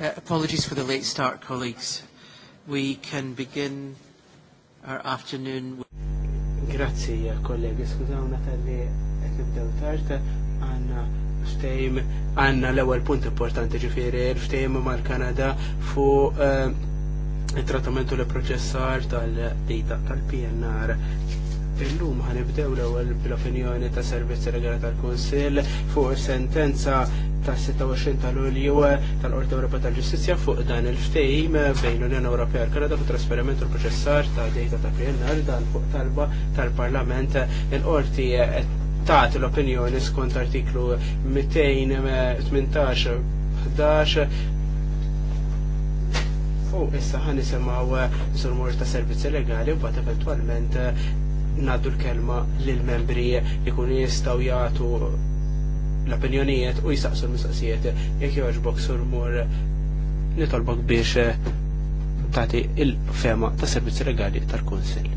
Uh, apologies for the late start, colleagues. We can begin our afternoon. Grazie, Grazzi, eh, kollegi, skużawna tal-li nibdew tard, għanna ftejm, għanna l-ewel punt importanti ġifiri, ftejm mal-Kanada fu il-trattamentu eh, l-proċessar tal-data tal-PNR. Illum ħanibdew l-ewel bl-opinjoni ta' servizzi regali tal-Konsil fuq sentenza ta' 26 ta' ulju eh, tal-Qorti Ewropea tal-Ġustizzja fuq dan il-ftehim eh, bejn l-Unjoni Ewropea l-Kanada fuq trasferiment u l-proċessar ta' data ta' PNR dan fuq talba tal-Parlament eh, il-Qorti ta' l-opinjoni skont artiklu 218 U issa ħan nisimaw sur ta' servizzi legali u bat eventualment naddu l-kelma lil membri li jistaw jgħatu l-opinjonijiet u jisaqsu l-mistaqsijiet jek jogħġbok sur mur nitolbok biex eh, tati il-fema ta' servizzi legali tal-Kunsill.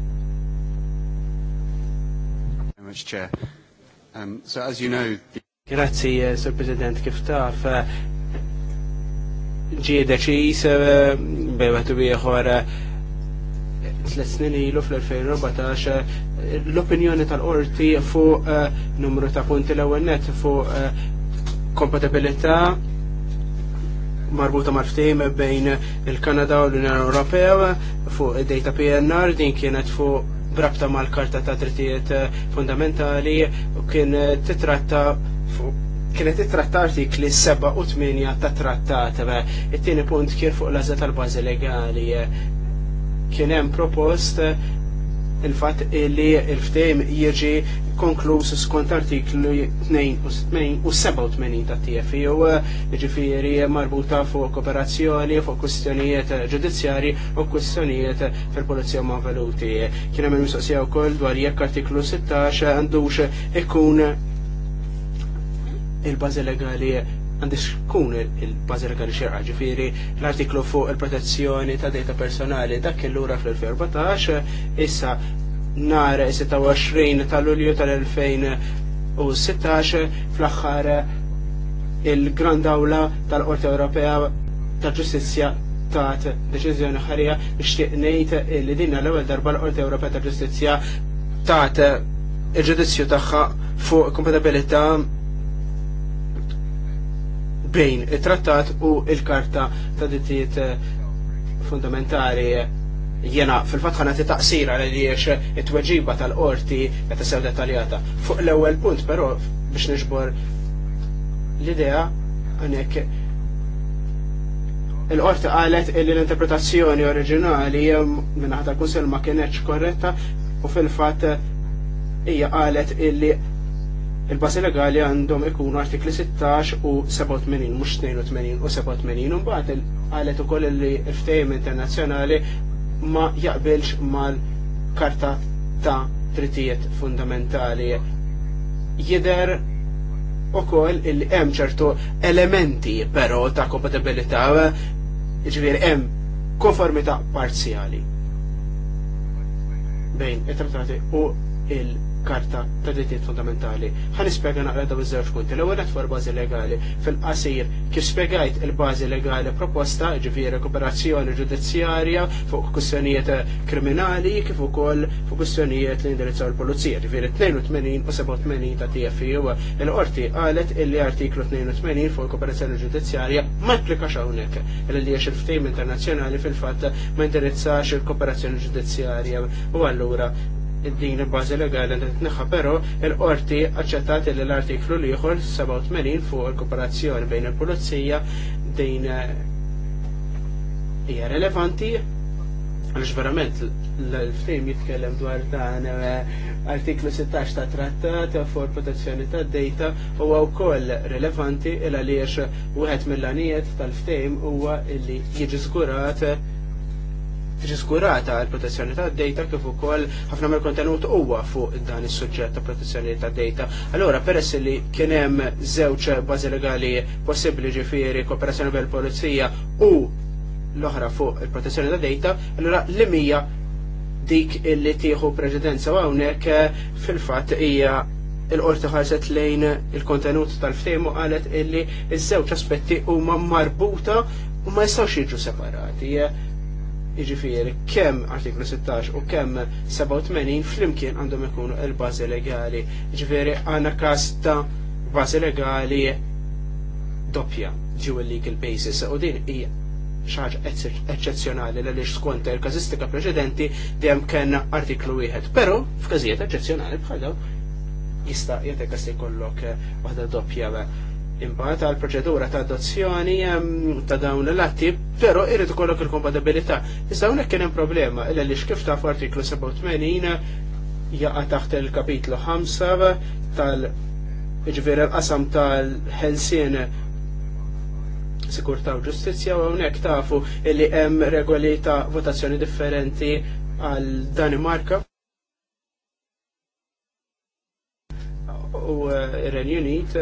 Um, Grazzi, eh, Sir President, kif taf, eh, ġi deċis bejwet u ieħor tliet snin ilu fl-2014 l-opinjoni tal-qorti fuq eh, numru ta' punti l-ewwel net fuq eh, kompatibilità marbuta marftim bejn il-Kanada u l-Unjoni Ewropea fuq data PNR din kienet fuq brabta mal-karta ta' Trittijiet eh, fundamentali u kien titratta kienet it-tratta artikli 7 u 8 ta' trattat. It-tieni punt kien fuq l-għażla tal-bażi legali kien hemm propost il-fat li il-ftejm jieġi konkluż skont artiklu 87 ta' TFU, e eh, ġifiri marbuta fuq kooperazzjoni, fuq kwistjonijiet ġudizzjari u kwistjonijiet fil-polizija ma' veluti. Kien hemm mistoqsija wkoll dwar jekk artiklu 16 għandux ikun il-bażi legali għandix kun il bazir legali xerqa ġifiri l-artiklu fuq il-protezzjoni ta' data personali dak il-lura fl-2014 issa nar 26 tal-Lulju tal-2016 fl-axħar il-Grand Awla tal-Qorti Ewropea tal-Ġustizzja tat deċiżjoni ħarija nixtieq ngħid li dinna l-ewwel darba l-Qorti Ewropea tal-Ġustizzja tat il-ġudizzju tagħha fuq kompatibilità bejn it-trattat u il-karta ta' dittijiet eh, fundamentali jena fil-fatt ħana taqsira li jiex it-tweġiba tal-qorti qed sew dettaljata. Fuq l-ewwel punt però biex niġbor l-idea għanek il-qorti qalet li l-interpretazzjoni oriġinali minnaħta kunsil ma kienieċ korretta u fil-fatt hija qalet illi il-bazi legali għandhom ikunu artikli 16 u 87, mux 82 u 87, un bat għalet u koll li ftejm internazjonali ma jaqbilx mal-karta ta' trittijiet fundamentali. Jider u koll il hemm ċertu elementi pero ta' kompatibilità, ġvir jiġifieri hemm konformità parzjali bejn it-trattati u il- karta ta' drittijiet fundamentali. Ħan ispjega naqra daw iż-żewġ punti. L-ewwel qed fuq bażi legali. Fil-qasir kif spjegajt il-bażi legali proposta, ġifieri rekuperazzjoni ġudizzjarja fuq kwistjonijiet kriminali kif ukoll fuq kwistjonijiet li indirizzaw il-pulizija. Ġifieri 82 u 87 ta' TFU. Il-qorti qalet illi artiklu 82 fuq il-kooperazzjoni ġudizzjarja ma applikax hawnhekk li għax il-ftehim internazzjonali fil-fatt ma indirizzax il-kooperazzjoni ġudizzjarja u allura din il-bażi legali li tneħħa però il-qorti aċċettat li l-artiklu li jħor 87 fuq il-kooperazzjoni bejn il-pulizija din hija relevanti għaliex verament l ftim jitkellem dwar dan eh, artiklu 16 ta' trattat fuq protezzjoni ta' data huwa wkoll relevanti il għaliex wieħed mill-għanijiet tal ftim huwa li jiġi żgurat tiġi għal protezzjoni ta' data kif ukoll ħafna mill-kontenut huwa fuq dan is-suġġett ta' protezzjoni ta' data. Allura peress li kien hemm żewġ bażi legali possibbli ġifieri kooperazzjoni bil polizija u l-oħra fuq il-protezzjoni ta' data, allura l-imija dik illi tieħu preċedenza u hawnhekk fil-fatt hija il-qorti ħarset lejn il-kontenut tal-ftehmu qalet illi iż-żewġ aspetti huma marbuta u ma jistgħux jiġu separati. Iġifieri kemm artiklu 16 u kemm 87 flimkien għandhom ikunu l-bażi legali. Iġifieri għandna każ ta' bażi legali doppja il legal basis u din hija xaġa eċċezzjonali l skont il-kazistika preċedenti dejjem kien artiklu wieħed. Però f'każijiet eċċezzjonali bħal jista' jagħtek se jkollok eh, waħda doppja eh, Imbagħad għal proċedura ta' adozzjoni ta' dawn l-atti, però irid ikollok il-kompatibilità. Issa hawnhekk kien hemm problema illa li xkif ta' f'artiklu 87 jaqa' taħt il-kapitlu 5 tal- Iġveri l-qasam tal-ħelsien sikurta u ġustizja u hawnhekk tafu illi hemm regoli ta' votazzjoni differenti għal Danimarka. U eh, Renju Unit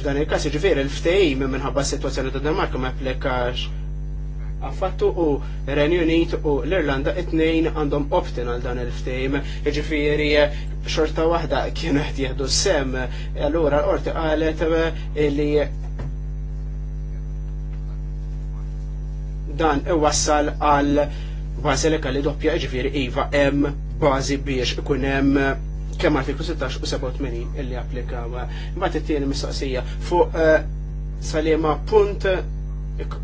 f'dan il-kas ġifir il minn minħabba s-situazzjoni ta' Danmarka ma' applikax għaffattu u Renju Unit u l-Irlanda it-nejn għandhom optin għal dan il ftejm ġifiri xorta wahda kienu għed s sem allura l-orti għalet li dan iwassal għal bazilika li doppja ġifiri iva M, bazi biex ikunem hemm kemm artiklu 16 u 87 illi applikaw. Mbagħad it-tieni mistoqsija fuq eh, salima punt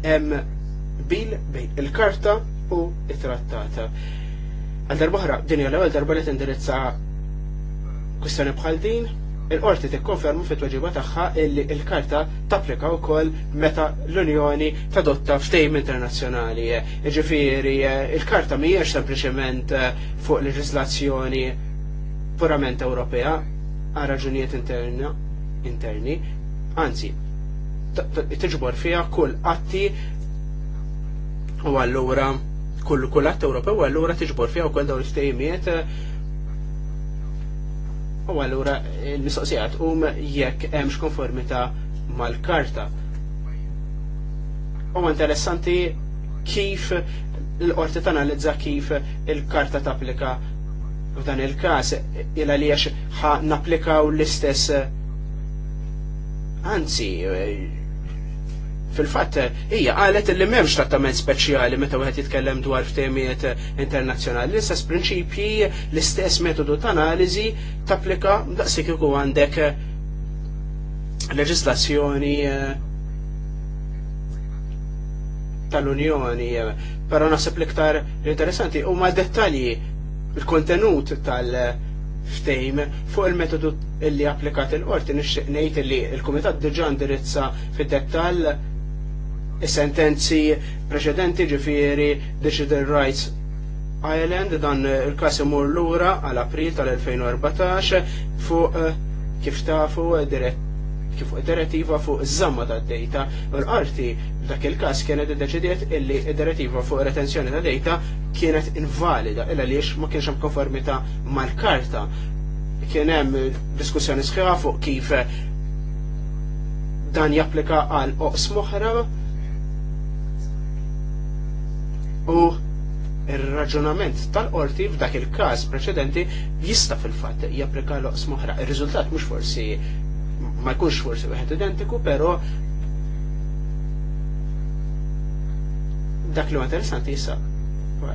hemm bil bejn il-karta u it-trattata. Għal darba ħra, din l ewwel darba li tindirizza kwistjoni bħal din, il-qorti tikkonfermu fit-tweġiba tagħha illi il-karta tapplika wkoll meta l-Unjoni tadotta f'tejm internazzjonali. Jiġifieri, eh, il-karta mhijiex sempliċement eh, fuq leġislazzjoni purament Ewropea għal raġunijiet interni, anzi, tiġbor fiha kull atti u allura kull kull att Ewropew u allura tiġbor fiha wkoll dawn l-istejmiet u allura l-mistoqsija tqum jekk hemmx konformità mal-karta. U interessanti kif l-qorti tanalizza kif il-karta tapplika F'dan il-każ illa li għax ħa napplikaw l-istess eh, anzi eh, fil-fatt eh, hija qalet li m'hemmx trattament speċjali meta wieħed jitkellem dwar f'temijiet internazzjonali. L-istess prinċipji, l-istess metodu ta' analiżi tapplika daqsik ikun għandek leġislazzjoni tal-Unjoni, naħseb nasib l-iktar interessanti huma dettalji il-kontenut tal-ftejm fuq il-metodu li applikat il-qorti nixtieq ngħid li l-kumitat diġà indirizza fid-dettall is-sentenzi preċedenti ġifieri Digital Rights Ireland dan il-każ imur lura għal April tal-2014 fuq eh, kif tafu dirett kif fuq id-direttiva fuq iż-żamma tad-dejta. U l-qarti f'dak il-każ kienet iddeċidiet illi id-direttiva fuq retenzjoni ta' dejta kienet invalida illa għaliex ma kienx hemm konformità mal-karta. Kien hemm diskussjoni sħiħa fuq kif dan japplika għal oqs moħra u il-raġunament tal-qorti f'dak il-każ preċedenti jista' fil-fatt japplika l-oqs moħra. Ir-riżultat mhux forsi ma jkunx forsi wieħed identiku, però dak li huwa interessanti issa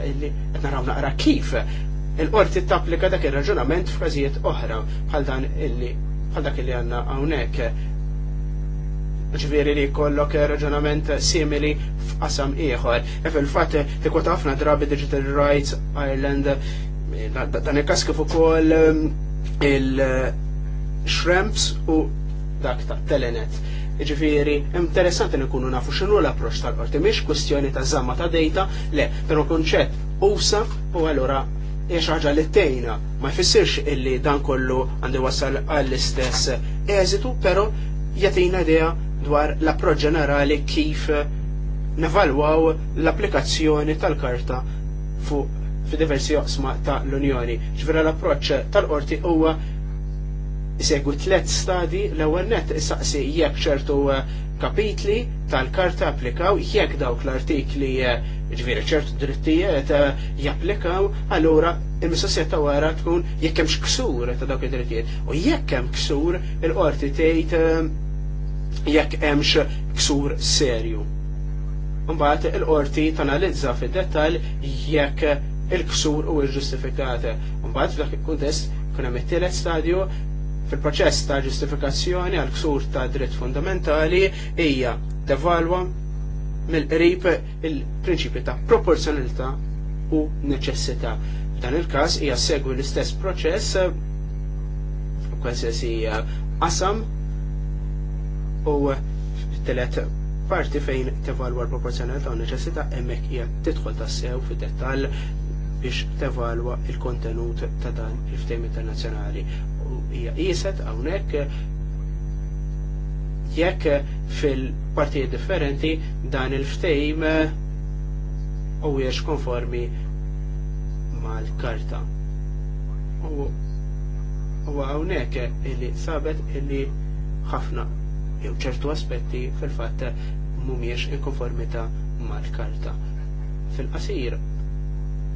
illi qed naraw naqra kif il-qorti tapplika dak ir-raġunament f'każijiet oħra bħal dan illi bħal dak illi għandna hawnhekk ġviri li kollok raġunament simili f'qasam ieħor. E fil-fatt tikwot ħafna drabi Digital Rights Ireland dan il-kas kif ukoll ehm, il-shrimps u dak ta' telenet. Ġifiri, interessanti li nkunu nafu xinu l-approċ tal-qorti, miex kwestjoni ta' zamma ta' dejta, le, pero konċett usa u għallura jiex ħaġa li tejna. Ma jfissirx illi dan kollu għandi wasal għall-istess eżitu, pero jatina idea dwar l-approċ ġenerali kif nevalwaw l-applikazzjoni tal-karta fu fi diversi oqsma ta' l-Unjoni. Ġifiri l-approċ tal-qorti huwa Isegwi tlet stadi l-ewwel nett issaqsi jekk ċertu eh, kapitli tal-karta applikaw jekk dawk l-artikli eh, ġviri ċertu drittijiet eh, japplikaw, allura il-mistoqsija wara tkun jekk hemm ksur ta' dawk id-drittijiet. U jekk hemm ksur il-qorti tgħid jekk hemmx ksur serju. Mbagħad il-qorti tanalizza fid-dettall jekk il-ksur u l-ġustifikata. Mbagħad f'dak il-kuntest kuna mit-tielet stadju fil-proċess ta' ġustifikazzjoni għal ksur ta' dritt fundamentali hija tevalwa mill-qrib il-prinċipi ta' proporzjonalità u neċessità. F'dan il-każ hija segwi l-istess proċess kważi eh, qasam u telet parti fejn tevalwa l-proporzjonalità u neċessità hemmhekk hija tidħol tassew fid-dettall biex tevalwa il-kontenut ta' dan il-ftehim internazzjonali hija qiset jekk fil-partijiet differenti dan il-ftejm eh, u jiex konformi mal-karta. U għawnek illi sabet illi ħafna jew ċertu aspetti fil-fatt mumiex inkonformita mal-karta. Fil-qasir,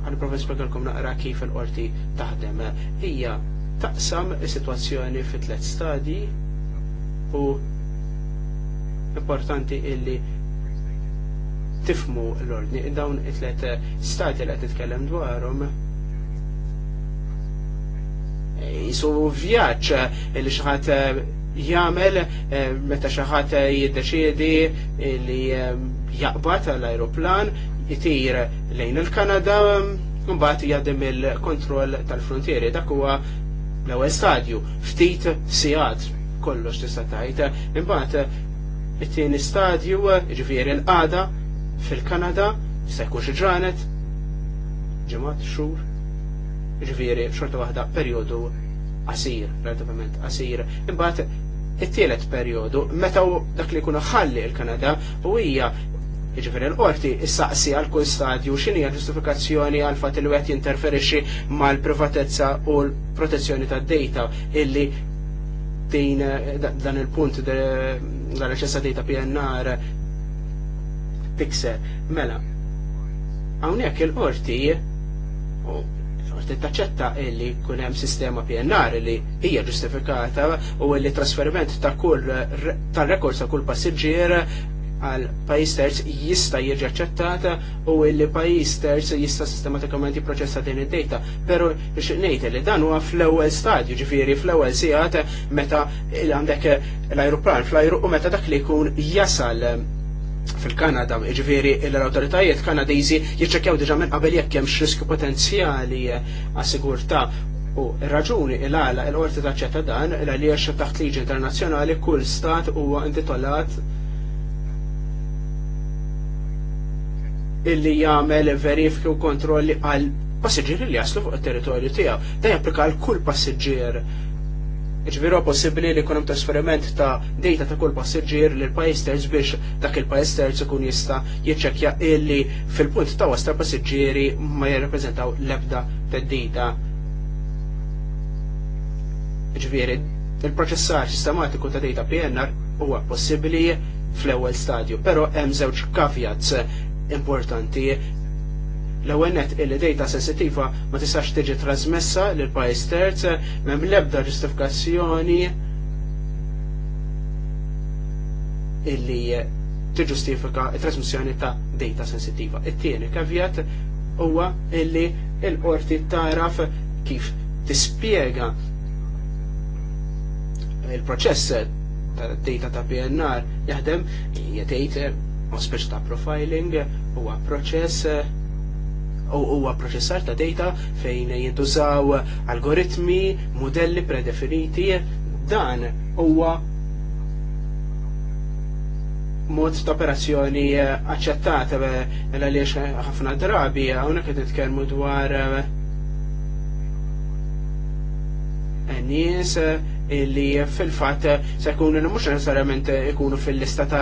għal profess nispjegalkom naqra kif il-qorti taħdem. Hija taqsam is-sitwazzjoni fi tliet stadji u importanti illi tifmu l-ordni dawn it-tlet stati li qed titkellem dwarhom jisu vjaċ li xaħat eh, jgħamil eh, meta xaħat eh, jiddeċiedi li jaqbad l-ajruplan jitir lejn il-Kanada mbagħad jadim il-kontroll tal-frontieri dak huwa l-ewwel stadju, ftit sigħat kollox tista' tajt. Imbagħad it-tieni stadju, ġifieri l-qada fil-Kanada se jkun xi ġranet ġimgħat xhur. Ġifieri xorta waħda perjodu qasir, relativament qasir. Imbagħad it-tielet perjodu meta dak li jkun ħalli l-Kanada u hija Iġifiri il-qorti issaqsi għal kull stadju x'inhi ġustifikazzjoni għal fat li wieħed jinterferixxi mal-privatezza u l-protezzjoni tad-data illi din dan il-punt dan l-ċessa data PNR tikser. Mela, hawnhekk il-qorti l-qorti taċċetta illi kunem hemm sistema PNR li hija ġustifikata u illi trasferiment ta' kull tal-rekord ta' kull passiġġier għal pajis terz jista jirġa ċettata u li pajis terz jista sistematikament jiproċessa din id-data. Pero nejt li dan huwa fl-ewwel stadju, ġifieri fl-ewwel sigħat meta għandek l-ajruplan fl-ajru u meta dak li jkun jasal fil-Kanada, ġifieri l-autoritajiet kanadiżi jiċċekkjaw diġà minn qabel jekk hemmx riskju potenzjali għas-sigurtà U raġuni il-għala il-qorti taċċetta dan il-għalija xa taħt liġi internazzjonali kull stat huwa intitolat illi jagħmel verifiki u kontrolli għal passiġġieri li jaslu fuq it-territorju tiegħu. ta japplika għal kull passiġġier. Ġviro possibbli li jkun hemm trasferiment ta' data ta' kull passiġġier lil pajjiż terz biex dak il-pajjiż terz ikun jista' jiċċekkja illi fil-punt ta' wasta passiġġieri ma jirrappreżentaw l-ebda teddida. Ġviri, il-proċessar sistematiku ta' data PNR huwa possibbli fl-ewwel stadju, però hemm żewġ kavjats importanti. L-ewwel il-data sensitiva ma tistax tiġi trasmessa l pajjiż terz mem lebda ebda ġustifikazzjoni illi tiġustifika il trasmissjoni ta' data sensittiva. It-tieni kavjat huwa illi l-qorti taraf kif tispjega il-proċess ta' data ta' PNR jaħdem jgħetejt speċi ta' profiling huwa proċess eh, u huwa proċessar ta' data fejn jintużaw algoritmi, modelli predefiniti, dan huwa mod ta' operazzjoni eh, aċċettata eh, għaliex ħafna drabi hawnhekk qed nitkellmu dwar nies illi fil-fatt se jkunu mhux necessarjament ikunu fil-lista ta'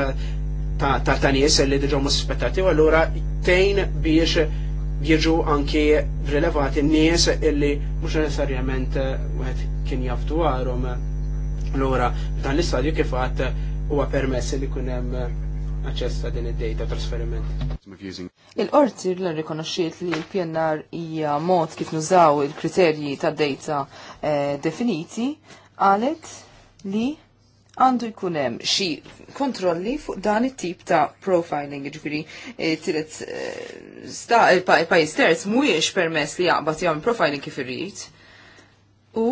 ta' ta' nies li diġa muspettati u allura tejn biex jiġu anki rilevati nies illi mhux necessarjament eh, wieħed kien jaftu għarhom. Allura dan l-istadju kif għat huwa permessi li kunem hemm eh, aċċess ta' din id-data trasferiment. Il-qorti l rikonoxxiet li l-PNR hija mod kif nużaw il-kriterji tad data eh, definiti għalet li għandu jkun hemm xi kontrolli fuq dan it-tip ta' profiling, ġifiri, e, tiret e, sta' il-pajis e, terz mhuwiex permess li jaqbad jgħam profiling kif irrid. U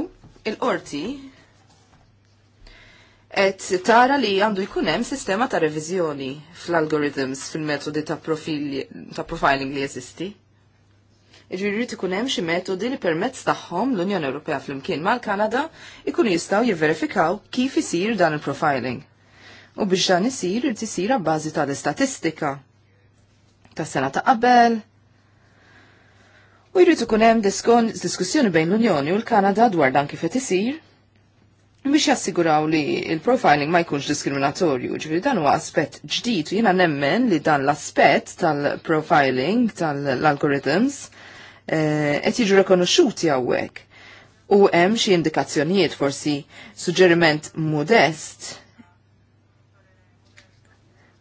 il-qorti qed tara li għandu jkun hemm sistema ta' reviżjoni fl-algorithms fil-metodi ta' ta' profiling li jeżisti. Ġviri ikun hemm xi metodi li permezz tagħhom l-Unjoni Ewropea flimkien mal-Kanada ikun jistgħu jivverifikaw kif isir dan il-profiling. U biex dan isir irid isir bażi tal-istatistika tas sena ta' qabel. U jrid ikun hemm diskussjoni bejn l-Unjoni u l-Kanada dwar dan kif qed isir biex jassiguraw li il-profiling ma jkunx diskriminatorju, ġviri dan huwa aspett ġdid u jiena nemmen li dan l-aspett tal-profiling tal-algorithms Eh, qed jiġu rekonoxxuti hawnhekk. U hemm xi indikazzjonijiet forsi suġġeriment modest.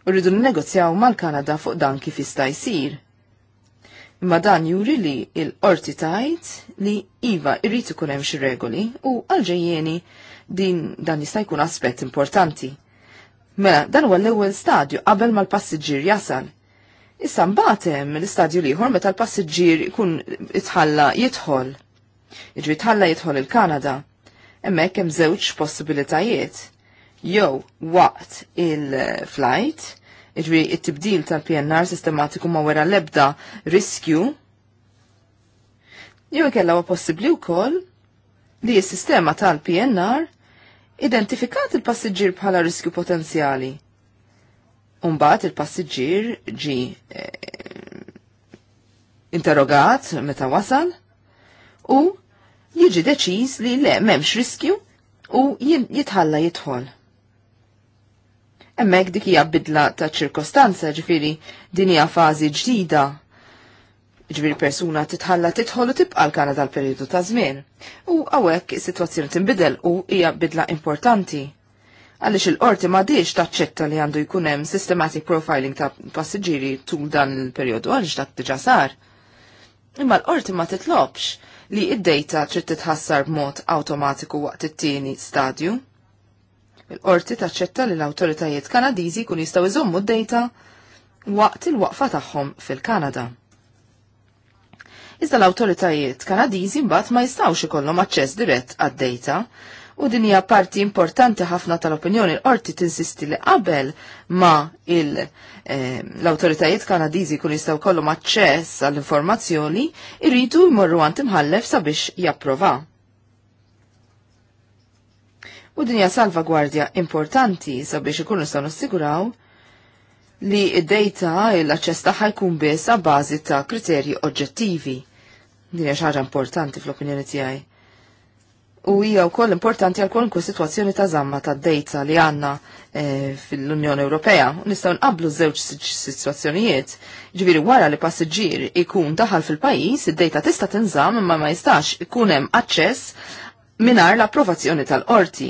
U rridu negozjaw mal-Kanada fuq dan kif jista' jsir. Imma dan juri li l-qorti tajt li iva irrid ikun hemm xi regoli u għalġejjeni din dan jista' jkun aspett importanti. Mela, dan huwa l-ewwel stadju qabel mal-passiġġier jasal Issa mbagħad hemm l-istadju liħor meta l-passiġġier ikun itħalla jidħol. Jiġri tħalla jidħol il-Kanada. Hemmhekk hemm żewġ possibilitajiet. Jew waqt il-flight, iġri it-tibdil tal-PNR sistematiku ma wera l-ebda riskju. Jew ikella huwa possibbli wkoll li s-sistema tal-PNR identifikat il-passiġġier bħala riskju potenzjali Umbat il-passiġġier ġi eh, interrogat meta wasal u jiġi deċiż li le m'hemmx riskju u jitħalla jidħol. Emmek dik hija bidla ta' ċirkostanza ġifiri din hija fażi ġdida. Ġifiri persuna titħalla titħol u tibqa' l-Kanada l-periodu ta' żmien. U hawnhekk is-sitwazzjoni tinbidel u hija bidla importanti għalix il-qorti ma diċ taċċetta li għandu jkunem systematic profiling ta' passiġiri tul dan il-periodu għalix ta' diġa sar. Imma l-qorti ma titlobx li id-data trid titħassar b'mod automatiku waqt it-tieni stadju. Il-qorti taċċetta li l-awtoritajiet Kanadiżi kun jistgħu iżommu d-data waqt il-waqfa tagħhom fil-Kanada. Iżda l-awtoritajiet Kanadiżi mbagħad ma jistgħux ikollhom aċċess dirett għad-data u din hija parti importanti ħafna tal-opinjoni l-qorti tinsisti li qabel ma il eh, l-autoritajiet kanadiżi kun jistgħu kollhom aċċess għall-informazzjoni jridu jmorru għand imħallef sabiex japprova. U din hija salvagwardja importanti sabiex ikunu nistgħu nassiguraw li id-data l-aċċess tagħha jkun biss għal bażi ta' kriterji oġġettivi. Din hija xi ħaġa importanti fl-opinjoni tiegħi u hija wkoll importanti għal kwalunkwe sitwazzjoni ta' żamma ta' dejta li għandna e, fil-Unjoni Ewropea. u Nistgħu nqablu żewġ sitwazzjonijiet. Ġifieri wara li passiġġier ikun daħal fil-pajjiż, id-dejta tista' tinżamm imma ma jistax ikun hemm aċċess mingħajr l-approvazzjoni tal-qorti.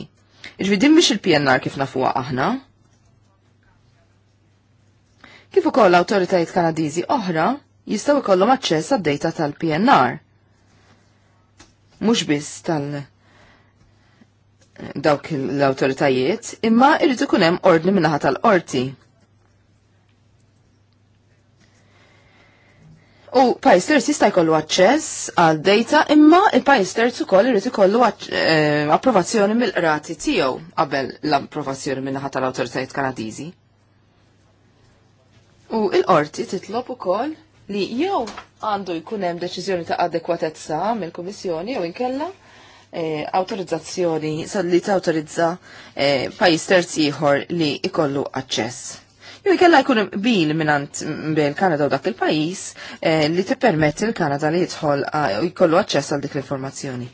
Ġifieri din mhix il-PNR kif nafuha aħna. Kif ukoll l-awtoritajiet Kanadiżi oħra jistgħu jkollhom aċċess għad-dejta tal-PNR mux biss tal dawk l-autoritajiet, imma ikun kunem ordni minnaħat tal-qorti. U pajsters jista' jkollu aċċess għal data imma il pajsters ukoll irid ikollu eh, approvazzjoni mill-qrati tiegħu qabel l-approvazzjoni minnaħa tal-awtoritajiet Kanadiżi. U l-qorti titlob ukoll li jew għandu jkun hemm deċiżjoni ta' adekwatezza mill-Kummissjoni jew inkella eh, autorizzazzjoni li tawtorizza eh, pajis terzi ieħor li ikollu aċċess. Jew kella jkun bil minant bejn Kanada u dak il-pajis eh, li tippermetti l-Kanada li jidħol eh, jkollu aċċess għal dik l-informazzjoni.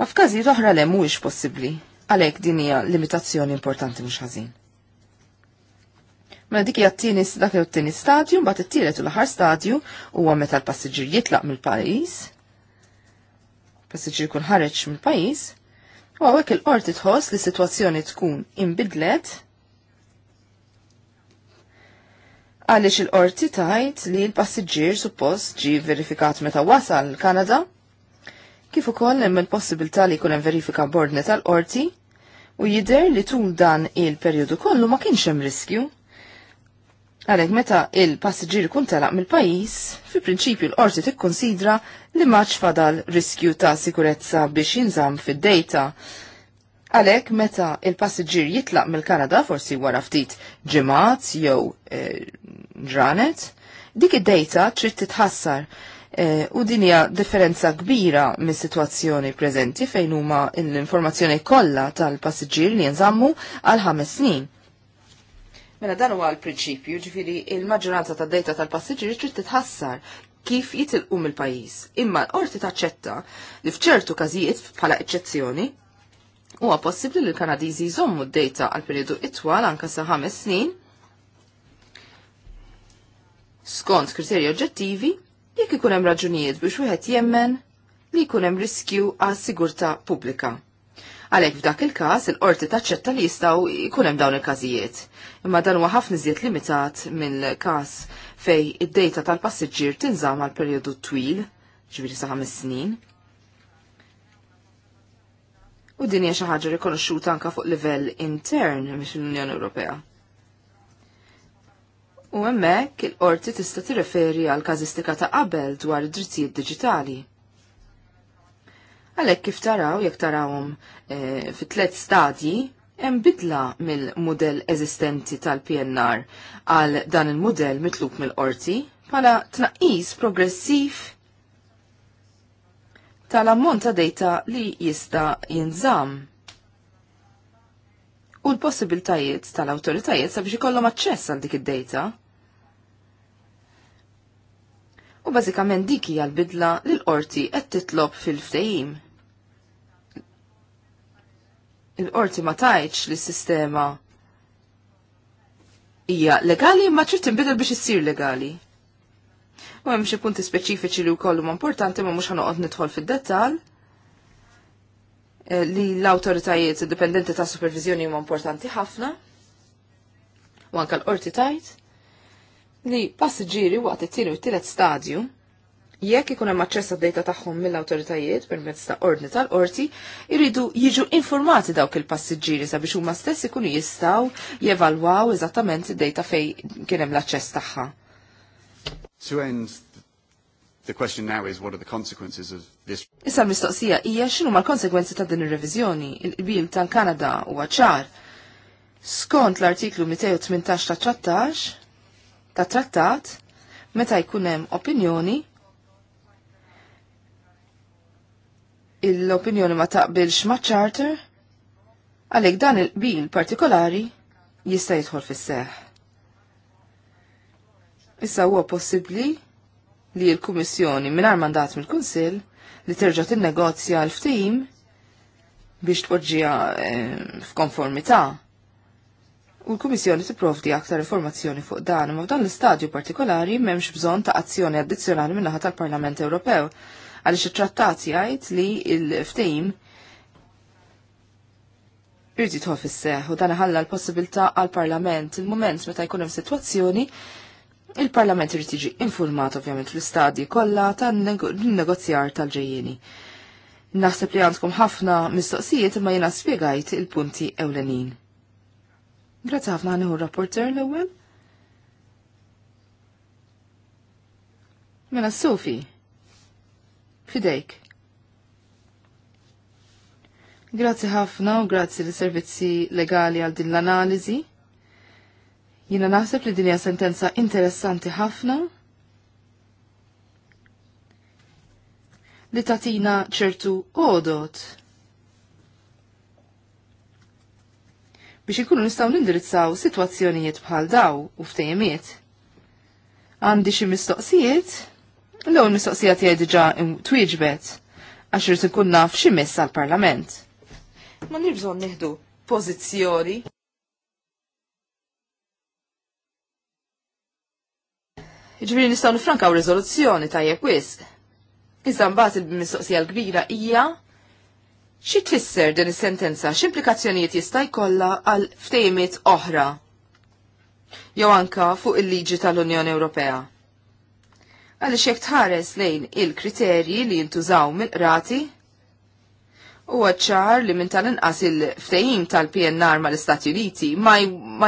Ma f'każi oħra le mhuwiex possibbli għalhekk din hija limitazzjoni importanti mhux ħażin. Mela dik hija t-tieni dak t tieni stadju, mbagħad it-tielet u l-aħħar stadju huwa meta l-passiġġier jitlaq mill-pajjiż passiġġier kun ħareġ mill-pajjiż, u għawek il-qorti tħoss li sitwazzjoni tkun inbidlet għaliex il-qorti tajt li l-passiġġier suppost ġi verifikat meta wasal l-Kanada, kif ukoll hemm il-possibilità li jkun hemm verifika bordni tal-qorti u jidher li tul dan il-perjodu kollu ma kienx hemm riskju Għalek meta il-passiġġier kun telaq mill-pajis, fi prinċipju l-qorti tikkonsidra li maċ fadal riskju ta' sikurezza biex jinżam fid-dejta. Għalek meta il-passiġġier jitlaq mill-Kanada forsi wara ftit ġemat jew eh, ġranet, dik id-dejta trid titħassar eh, u dinja differenza kbira mis situazzjoni preżenti fejn huma l-informazzjoni kollha tal-passiġġier li jinżammu għal ħames snin Mela dan huwa l-prinċipju, ġifiri il-maġġoranza ta' data tal-passiġġieri trid titħassar kif jitilqu mill-pajjiż. Imma l-qorti taċċetta li f'ċertu każijiet bħala eċċezzjoni huwa possibbli li l-Kanadiżi jżommu d dejta għal periodu itwal anke sa' ħames snin skont kriterji oġġettivi jekk ikun hemm raġunijiet biex wieħed jemmen li jkun hemm riskju għas sigurtà pubblika. Għalhekk f'dak il-każ il-qorti taċċetta li jistgħu jkun hemm dawn il-każijiet imma dan huwa ħafna iżjed limitat mill-każ fej id-data tal-passiġġier tinżamm għal perjodu twil, ġifieri sa ħames snin. U din hija xi ħaġa rikonoxxuta anke fuq livell intern mhix l-Unjoni Ewropea. U hemmhekk il-qorti tista' tirreferi għal każistika ta' qabel dwar id-drittijiet diġitali. Għalhekk kif taraw, jekk tarawhom eh, fit tliet stadji, hemm bidla mill-mudell eżistenti tal-PNR għal dan il-mudell mitlub mill-qorti bħala tnaqqis progressiv tal-ammont ta' data li jista' jinżamm u l-possibiltajiet tal-awtoritajiet sabiex ikollhom aċċess għal dik id-data. U bażikament dik hija l-bidla li l-qorti qed titlob fil-ftehim il-qorti ma tajċ li s-sistema hija legali ma trid tinbidel biex issir legali. U hemm xi punti speċifiċi li wkoll huma importanti ma mhux ħanoqgħod nidħol fid-dettall eh, li l-awtoritajiet dipendenti ta' supervizjoni huma importanti ħafna u anke l-qorti tajt li passiġġieri waqt it tini u t-tielet stadju jekk ikun hemm aċċess għad-dejta tagħhom mill-awtoritajiet permezz ta' ordni tal-qorti, jridu jiġu informati dawk il-passiġġieri sabiex huma stess ikunu jistgħu jevalwaw eżattament id-dejta fejn kien hemm l-aċċess tagħha. the question now is what are the consequences of this? Issa l-mistoqsija hija x'inhu mal-konsegwenzi ta' din ir-reviżjoni il-qbil tal-Kanada huwa ċar. Skont l-artiklu 218 ta' ċattax ta' trattat, meta jkun hemm opinjoni l-opinjoni ma taqbilx ma' charter, għalek dan il-bil partikolari jista' jidħol fis-seħ. Issa huwa possibbli li l-Kummissjoni mingħajr mandat mill-Kunsill li terġa' tinnegozja l-ftim biex tpoġġija eh, f'konformità. U l-Kummissjoni tipprovdi aktar informazzjoni fuq dan, ma f'dan l-istadju partikolari m'hemmx bżonn ta' azzjoni addizzjonali min-naħa tal-Parlament Ewropew għaliex it-trattat jgħid li l-ftehim irdi tħof isseħ u dan ħalla l-possibilità għal-Parlament. Il-moment meta jkun hemm sitwazzjoni, il-Parlament irid jiġi infurmat ovvjament fl-istadji kollha tan-negozjar tal-ġejjieni. Naħseb li għandkom ħafna mistoqsijiet imma jiena spjegajt il-punti ewlenin. Grazzi ħafna ħaniħu rapporter l-ewwel. Mela Sophie. Fidejk. Grazzi ħafna u grazzi li servizzi legali għal din l-analizi. Jina naħseb li dinja sentenza interessanti ħafna. Li tatina ċertu odot. biex ikunu nistaw nindirizzaw situazzjonijiet bħal daw u ftejemiet. Għandi xi mistoqsijiet? l ewwel mistoqsija tiegħi diġà twieġbet għax irid ikun naf xi messa l-Parlament. Ma bżonn nieħdu pożizzjoni. Ġifieri nistgħu nifrankaw riżoluzzjoni tajjeb wis. Iżda mbagħad il-mistoqsija l-kbira hija xi tfisser din is-sentenza x'implikazzjonijiet jista' jkollha għal ftejmiet oħra jew anka fuq il-liġi tal-Unjoni Ewropea. Għaliex jekk tħares lejn il-kriterji li jintużaw mill-qrati, U ċar li minn tal-inqas il-ftejim tal-PNR mal-Istati Uniti ma,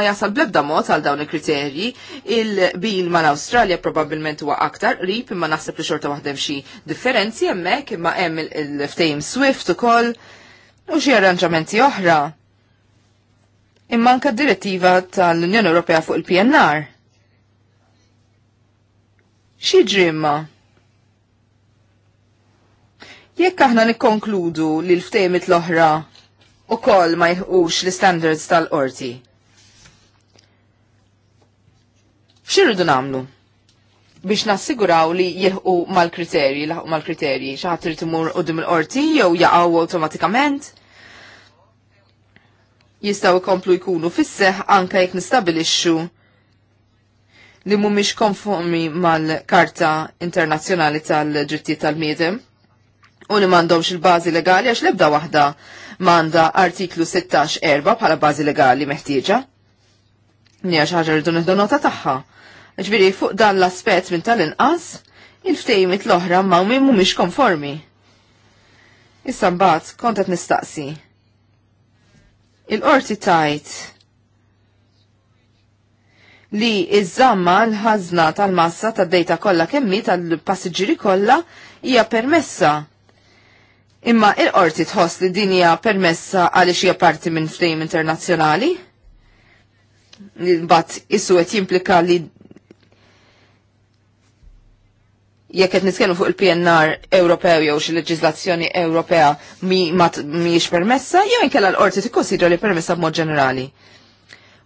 jasal blebda mod għal dawn il-kriterji, il-bil mal awstralja probabilment huwa aktar rip imma naħseb li xorta waħdem xi differenzi hemmhekk imma hemm il-ftejim Swift ukoll u xi arranġamenti oħra. Imma anka direttiva tal-Unjoni Ewropea fuq il-PNR ġimma? Jekk aħna nikkonkludu li l-ftejmit l-oħra u kol ma jħuġ l-standards tal-qorti. Xirridu namlu? biex nassiguraw li jilħu mal-kriterji, laħu mal-kriterji, xaħat trid imur dim l qorti jew jaqgħu awtomatikament. Jistgħu jkomplu jkunu fisseħ anke jekk nistabilixxu li mhumiex konformi mal-Karta Internazzjonali tal-Ġittijiet tal-Miedem u li m'għandhomx il-bażi legali għax l-ebda waħda m'għandha artiklu 16 erba' bħala bażi legali meħtieġa. Nija ħaġa rridu neħdu nota tagħha. Ġbiri fuq dan l-aspett minn tal-inqas, il-ftejmit l-oħra ma' mhumiex konformi. Issa mbagħad kont qed nistaqsi. Il-qorti tajt li iż-żamma l ħazna tal-massa tad-dejta kollha kemmi tal-passiġġieri kollha hija permessa. Imma il-qorti tħoss li din hija permessa għaliex hija parti minn frame internazzjonali? Li issu qed jimplika li jekk qed nitkellmu fuq il-PNR Ewropew jew xi leġiżlazzjoni Ewropea mhijiex permessa jew inkella l-qorti tikkonsidra li permessa b'mod ġenerali.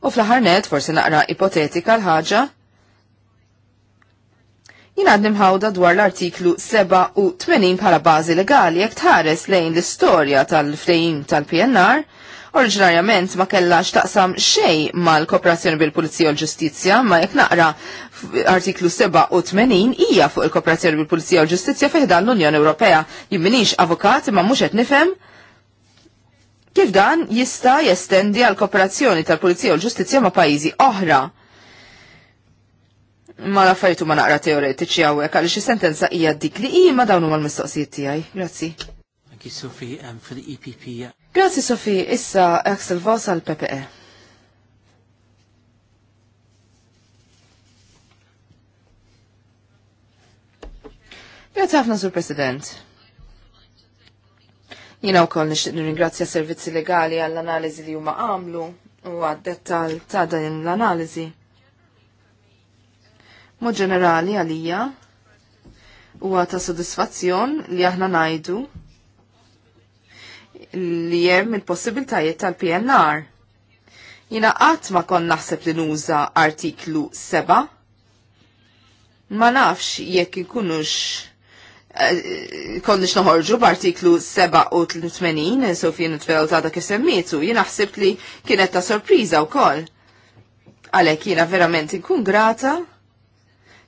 U fl-aħħar net, forsi naqra ipotetika l-ħaġa, jina ħawda dwar l-artiklu 87 bħala bazi legali jek tħares lejn l-istorja tal-frejim tal-PNR, oriġinarjament ma kellax taqsam xej mal-kooperazzjoni bil-Pulizija u l-Ġustizzja, ma jek naqra artiklu 87 hija fuq il-kooperazzjoni bil-Pulizija u l-Ġustizzja fiħdan l-Unjoni Ewropea. Jimminix avukat ma mhux qed nifhem Kif dan jista' jestendi għal kooperazzjoni tal-Pulizija u l-Ġustizzja ma' pajjiżi oħra? Ma laffajtu ma naqra teoretiċi għawek għaliex is-sentenza hija dik li hi ma dawn huma l-mistoqsijiet tiegħi. Grazzi. Thank you, Sophie, um, for the EPP. Uh, Grazzi, Sophie. Issa Axel Voss għal PPE. Grazzi ħafna, Sur President. Jina u koll nixtieq nirringrazzja servizzi legali għall-analiżi li huma għamlu u għad-dettal ta' din l-analiżi. Mod ġenerali għalija huwa ta' sodisfazzjon li aħna najdu li hemm il-possibiltajiet tal-PNR. Jina qatt ma kon naħseb li nuża artiklu 7 ma nafx jekk ikunux Eh, konniex noħorġu b'artiklu 87, so fien it-tfel ta' dak jien jina ħsibt li kienet ta' sorpriża wkoll. Għalhekk jiena verament inkun grata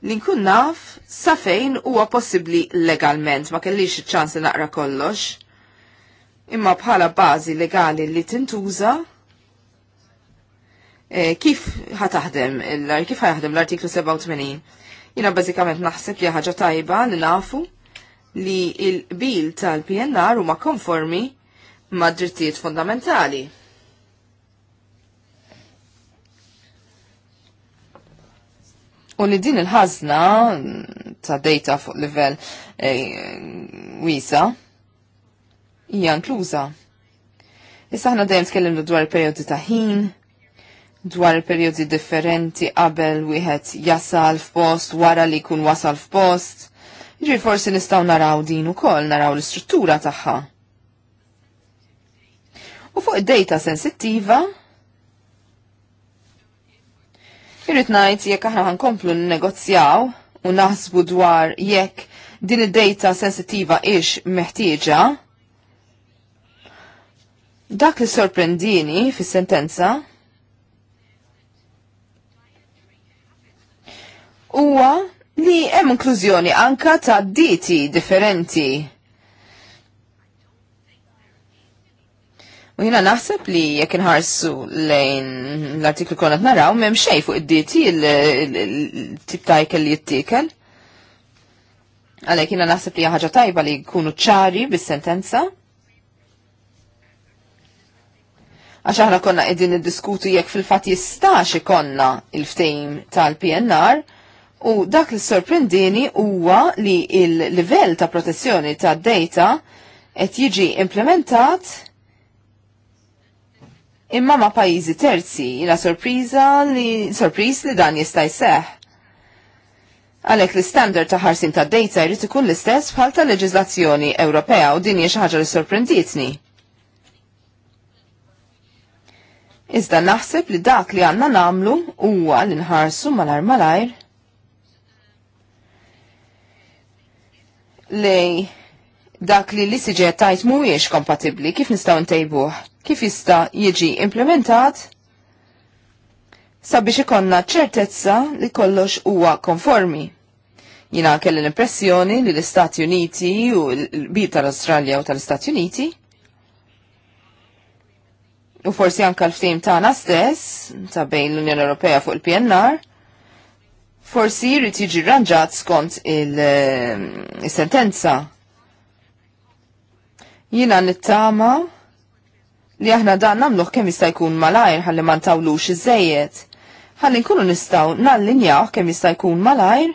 li nkun naf sa fejn huwa possibbli legalment, ma kellix iċ-ċans li naqra kollox. Imma bħala bażi legali li tintuża eh, kif ħataħdem, kif jaħdem l-artiklu 87? Jina bażikament naħseb li ħaġa tajba li nafu li il-bil tal-PNR huma konformi ma' drittijiet fondamentali. U li din il-ħazna ta' data fuq livell eh, wisa hija inkluża. Issa aħna dejjem tkellimna dwar il-perjodi ta' ħin, dwar il-perjodi differenti qabel wieħed jasal f'post wara li jkun wasal f'post Ġi forsi nistaw naraw din ukoll naraw l-istruttura tagħha. U fuq id-data sensittiva, Irrit najt jekk aħna ħankomplu n-negozjaw u naħsbu dwar jekk din id-data sensittiva ix meħtieġa. Dak li sorprendini fis sentenza huwa li hemm inklużjoni anka ta' diti differenti. U jina naħseb li jekk inħarsu lejn l-artiklu konet naraw, m'hemm xejn fuq id-diti l-tip ta' jkel li jittikel. Għalhekk jiena naħseb li ħaġa tajba li jkunu ċari bis-sentenza. Għax aħna konna qegħdin niddiskutu jekk fil-fatt jistax ikonna il-ftejm tal-PNR, U dak li sorprendini huwa li il-livell ta' protezzjoni ta' data qed jiġi implementat imma ma' pajjiżi terzi la sorpriża li sorpriż li dan jista' jseħħ. Għalhekk l-istandard ta' ħarsim ta' data jrid ikun l-istess bħal ta' leġiżlazzjoni Ewropea u din hija xi ħaġa li sorprenditni. Iżda naħseb li dak li għandna nagħmlu huwa li nħarsu mal malajr. lej dak li li siġe tajt mhuwiex kompatibbli, kif nistgħu ntejbuh? Kif jista' jiġi implementat sabiex ikonna ċertezza li kollox huwa konformi. Jina kelli l-impressjoni li l-Istati Uniti u l-bit tal-Australja u tal-Istati Uniti u forsi anka l-ftim tagħna stess ta' bejn l-Unjoni Ewropea fuq il-PNR forsi jrid jiġi rranġat skont ehm, il-sentenza. Jina nittama li aħna dan namluħ kemm jista' jkun malajr ħalli ma ntawlux iż-żejjed. Ħalli nkunu nistgħu nallinjaw kemm jista' jkun malajr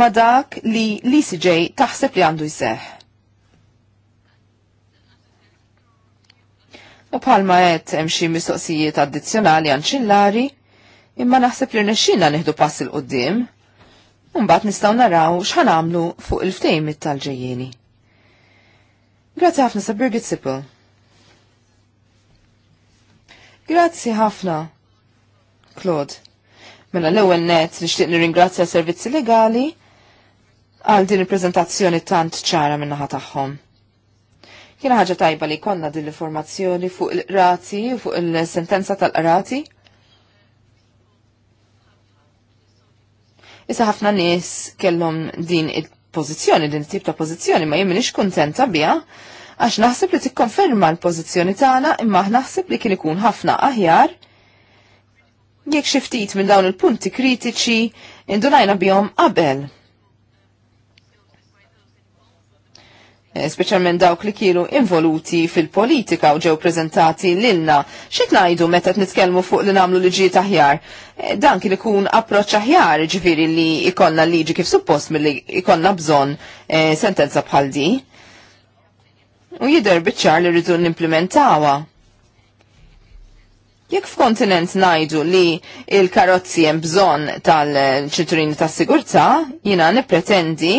ma dak li li siġej taħseb li għandu jseħ. U palma qed hemm xi mistoqsijiet addizzjonali anċillari imma naħseb li rnexxina neħdu pass il qoddim Mbagħad nistgħu naraw x'ħan għamlu fuq il ftejm tal-ġejjieni. Grazzi ħafna sa Birgit Sippel. Grazzi ħafna, Claude. Mela l-ewwel net nixtieq nirringrazzja servizzi legali għal din il-preżentazzjoni tant ċara min-naħa tagħhom. Kien ħaġa tajba li konna din l-informazzjoni fuq il-rati u fuq il-sentenza tal-qrati. Issa ħafna nies kellhom din il-pożizzjoni, din it-tip ta' pożizzjoni, ma jien kuntenta biha għax naħseb li tikkonferma l-pożizzjoni tagħna imma naħseb li kien ikun ħafna aħjar jekk xi ftit minn dawn il-punti kritiċi indunajna bihom qabel. Eh, specialment dawk li kienu involuti fil-politika u ġew prezentati lilna. Xit najdu meta nitkellmu fuq li namlu liġi taħjar? Eh, dan kien ikun approċċ aħjar ġifiri li ikonna liġi kif suppost milli ikonna bżon eh, sentenza bħal di. U jider biċċar li rridu nimplementawha. Jekk f'kontinent najdu li il-karozzi hemm bżonn tal-ċinturini tas-sigurtà, jiena nippretendi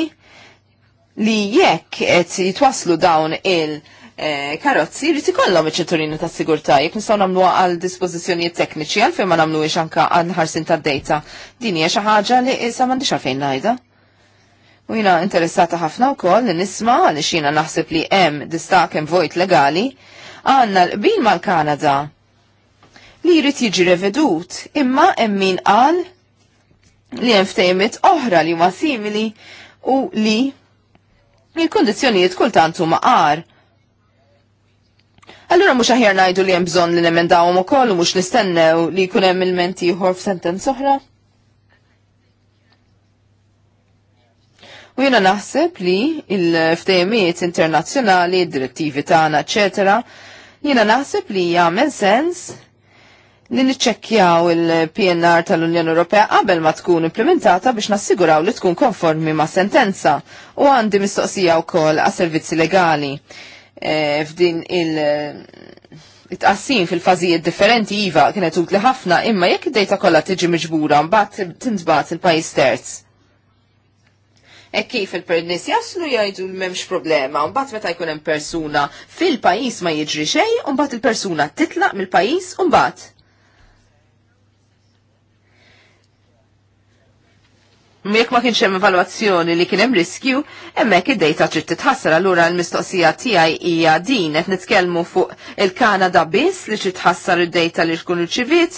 li jekk qed jitwaslu dawn il- eh, karozzi rrit ikollhom iċ-ċitturini ta' sigurtà jekk nistgħu nagħmluha għal dispożizzjonijiet tekniċi għalfejn ma nagħmluhiex anke għall-ħarsin tad-dejta. Din hija xi ħaġa li issa m'għandix għalfejn ngħidha. U jina interessata ħafna wkoll li nisma' għaliex jiena naħseb li hemm distak hemm vojt legali għandna l-qbil mal-Kanada li jrid jiġi revedut imma hemm min qal li hemm ftehimiet oħra li huma simili u li il kondizjonijiet kultant huma qar. Allura mhux aħjar ngħidu li hemm bżonn li nemendawhom ukoll u mhux nistennew li jkun hemm ilment ieħor f'sentenz oħra. U jiena naħseb li l-ftehimiet internazzjonali, id-direttivi tagħna, eċetera, jiena naħseb li jagħmel sens li niċċekkjaw il-PNR tal-Unjoni Ewropea qabel ma tkun implementata biex nassiguraw li tkun konformi ma' sentenza u għandi mistoqsija wkoll għas servizzi legali e, f'din il- Itqassin fil-fażijiet differenti iva kienet utli ħafna imma jekk id-dejta kollha tiġi miġbura mbagħad tintbagħat il-pajjiż terz. E kif il-pernis jaslu jgħidu l-memx problema, unbat meta jkun hemm persuna fil-pajis ma jiġri xej, mbagħad il-persuna titlaq mill-pajis, mbagħad. Mek ma kienx hemm evalwazzjoni li kien hemm riskju, hemmhekk id-dejta trid titħassar allura l-mistoqsija tiegħi hija din qed nitkellmu fuq il-Kanada biss li trid tħassar id-dejta li tkun irċivit,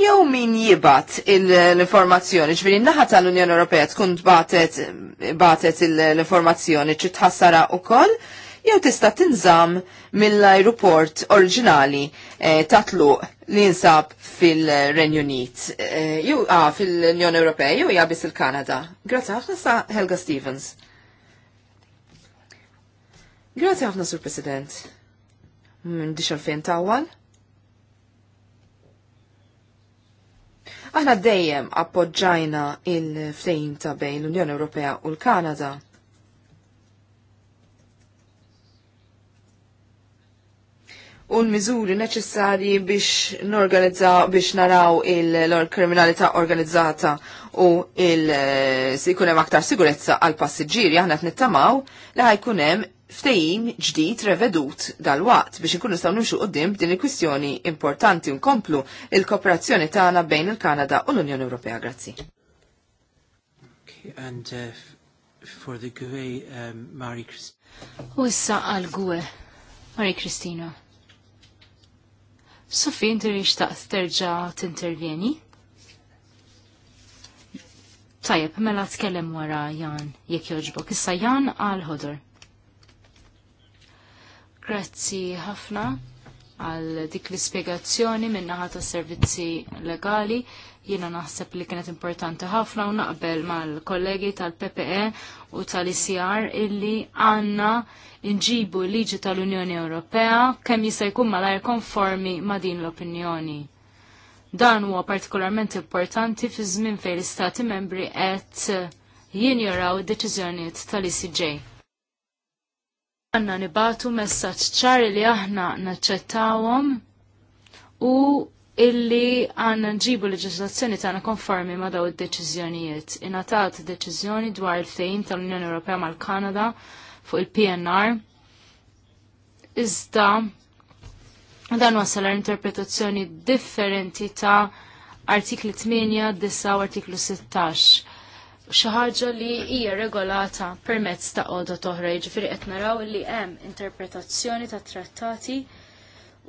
jew min jibat l-informazzjoni, ġifieri naħa tal-Unjoni Ewropea tkun batet batet l-informazzjoni trid tħassara wkoll jew tista' tinżamm mill-ajruport oriġinali eh, tatlu li jinsab fil-Renju Unit, eh, jew ah, fil-Unjoni Ewropea, jew jabis il-Kanada. Grazzi ħafna sa Helga Stevens. Grazzi ħafna, Sur President. M'għandix għalfejn tawwal. Aħna dejjem appoġġajna il-ftejn ta' bejn l-Unjoni Ewropea u l-Kanada un l-miżuri neċessarji biex norganizzaw biex naraw il-kriminalità organizzata u il-sikun eh, hemm aktar sigurezza għal passiġġieri aħna qed nittamaw li ħajkunem hemm ftehim ġdid revedut dal-waqt biex inkunu nistgħu nimxu qudiem din il-kwistjoni importanti nkomplu il-kooperazzjoni tagħna bejn il-Kanada u l-Unjoni Ewropea. Grazzi. Okay, and uh, for the Gwe, um, Marie Christina. U issa għal gwe Marie Christina. Sofi, inti rix taqt terġa t-intervjeni? Tajab, mela t-kellem wara Jan, jek joġbo. Issa Jan għal-ħodur. Grazzi ħafna għal dik l-ispiegazzjoni naħa ta' servizzi legali. Jiena naħseb li kienet importanti ħafna u naqbel mal-kollegi tal-PPE u tal-ICR illi għanna inġibu liġi tal-Unjoni Ewropea kemm jista' jkun malajr konformi ma' din l-opinjoni. Dan huwa partikolarment importanti fi żmien fejn l-Istati membri qed jinjoraw id-deċiżjonijiet tal-ICJ għanna nibatu messaċ ċar li aħna naċċettawhom u illi għanna nġibu leġislazzjoni tagħna konformi ma daw id-deċiżjonijiet. Inatat deċiżjoni dwar il-fejn tal-Unjoni Ewropea mal-Kanada fuq il-PNR. Iżda dan wasal interpretazzjoni differenti ta' artikli 8, 9 u artiklu 16 xi ħaġa li hija regolata permezz ta' għoda toħra, jiġifieri qed naraw li hemm interpretazzjoni ta' trattati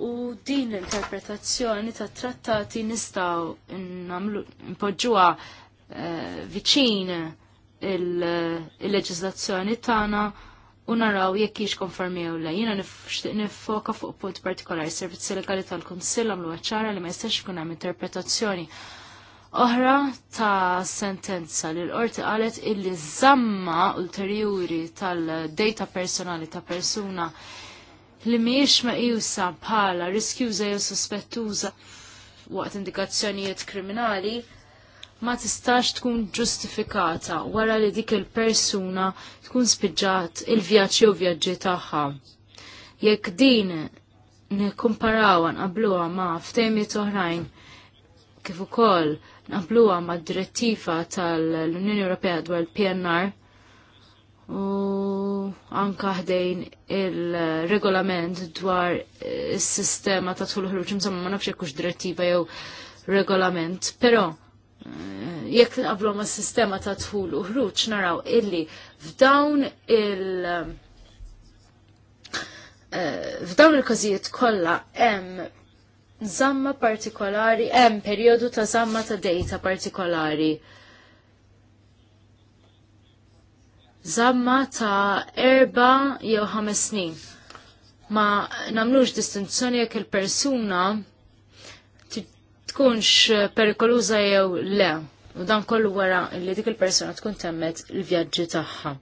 u din l-interpretazzjoni ta' trattati nistgħu npoġġuha eh, viċin il-leġiżlazzjoni tagħna u naraw jekk hix konformi jew le. Jiena nifoka fuq punt partikolari, servizzi legali tal-Kunsill għamlu ċara li ma jistax ikun hemm interpretazzjoni oħra ta' sentenza li l-qorti qalet illi żamma ulterjuri tal-data personali ta' persuna li miex meqjusa bħala riskjuża jew sospettuża waqt indikazzjonijiet kriminali ma tistax tkun ġustifikata wara li dik il-persuna tkun spiġġat il-vjaċċi u vjaġġi tagħha. Jekk din nikkumparawa nqabluha ma' ftehmiet oħrajn kif ukoll nabluwa mad-direttiva tal-Unjoni Ewropea dwar il-PNR u anka ħdejn il-regolament dwar is-sistema ta' tħul ħruġ insomma ma nafxie kux direttiva jew regolament, però eh, jekk naqblu ma' sistema ta' tħul ħruġ naraw illi f'dawn il- eh, f'dawn il-każijiet kollha hemm zamma partikolari, hemm periodu ta' zamma ta' data partikolari. Zamma ta' erba jew ħames snin. Ma namlux distinzjoni jekk il-persuna tkunx perikoluża jew le. U dan kollu wara li dik il-persuna tkun temmet il-vjaġġi tagħha.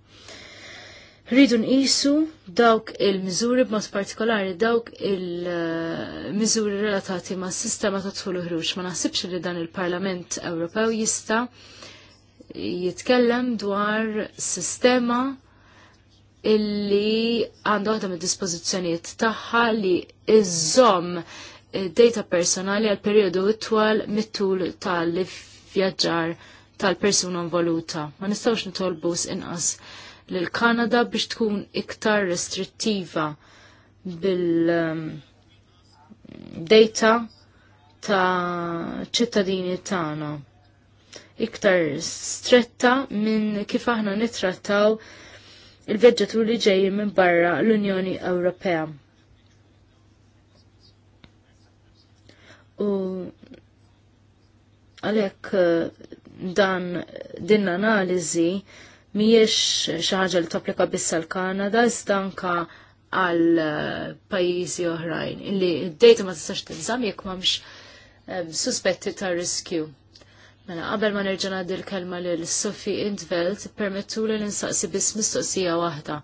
Rridu nqisu dawk il-miżuri b'mod partikolari, dawk il-miżuri relatati ma' sistema ta' tħul ħruġ. Ma naħsibx li dan il-Parlament Ewropew jista' jitkellem dwar sistema illi għandu għadha mid-dispożizzjonijiet tagħha li iżomm data personali għal periodu itwal mit-tul tal-vjaġġar tal-persuna involuta. Ma nistawx nitolbu inqas lil Kanada biex tkun iktar restrittiva bil-data um, ta' ċittadini tagħna. Iktar stretta minn kif aħna nittrattaw il li ġejjin minn barra l-Unjoni Ewropea. U għalhekk uh, dan din l-analiżi miex xi ħaġa li tapplika biss l Kanada iżda għal eh, pajjiżi oħrajn illi d-dejta ma tistax tinżamm jekk mx eh, suspetti ta' riskju. Mela qabel ma nerġa' ngħaddi l-kelma lil Sofi Intveld permettu li l-insaqsi biss mistoqsija waħda.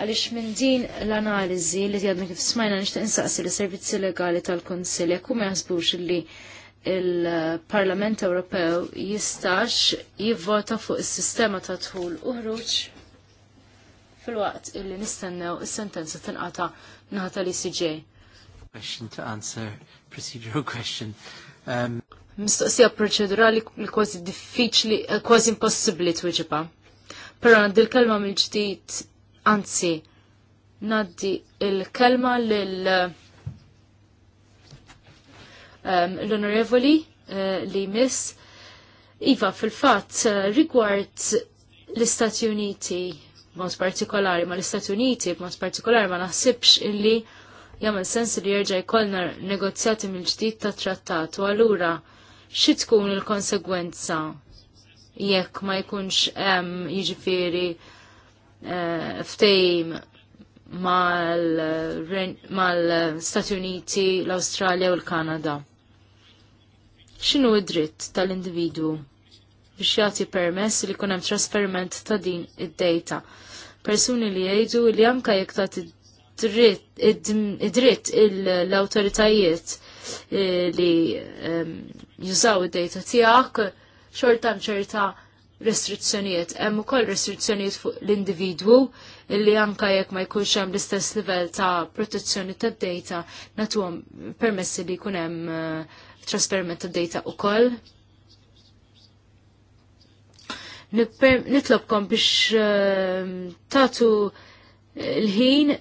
Għalix minn din l-analizi li tjadna kif smajna t insaqsi li servizzi legali tal konsilja kum jasbux jaħsbux li il-Parlament Ewropew jistax jivvota fuq is-sistema ta' tħul uħruċ fil-waqt illi nistennew is-sentenza tinqata naħta tal-ECJ. Question to answer, procedural question. Um... Mistoqsija proċedurali li kważi diffiċli, eh, kważi impossibbli tweġiba. Però għandi l-kelma mill-ġdid, anzi, naddi l kelma lil Um, l-onorevoli uh, li miss. Iva, fil-fat, uh, rigward l-Istati Uniti, b'mod partikolari, ma l-Istati Uniti, b'mod partikolari, ma naħsibx illi jagħmel sens li jerġa' jkollna negozjati mill-ġdid ta' trattat u allura xi tkun il-konsegwenza jekk ma jkunx em jiġifieri uh, ftejm mal-Stati mal Uniti, l-Awstralja u l-Kanada x'inhu id-dritt tal-individwu biex jagħti permess li jkun hemm trasferiment ta' din id-data. Persuni li jgħidu li anke jekk ta' id-dritt l-awtoritajiet eh, li ehm, jużaw id-data tiegħek xorta ċerta restrizzjonijiet. Hemm ukoll restrizzjonijiet fuq l-individwu illi anka jekk ma jkunx hemm l-istess livell ta' protezzjoni tad-data nagħtuhom permessi li jkun hemm uh, trasferment ta' data u koll. Nitlobkom biex ehm, tatu l-ħin,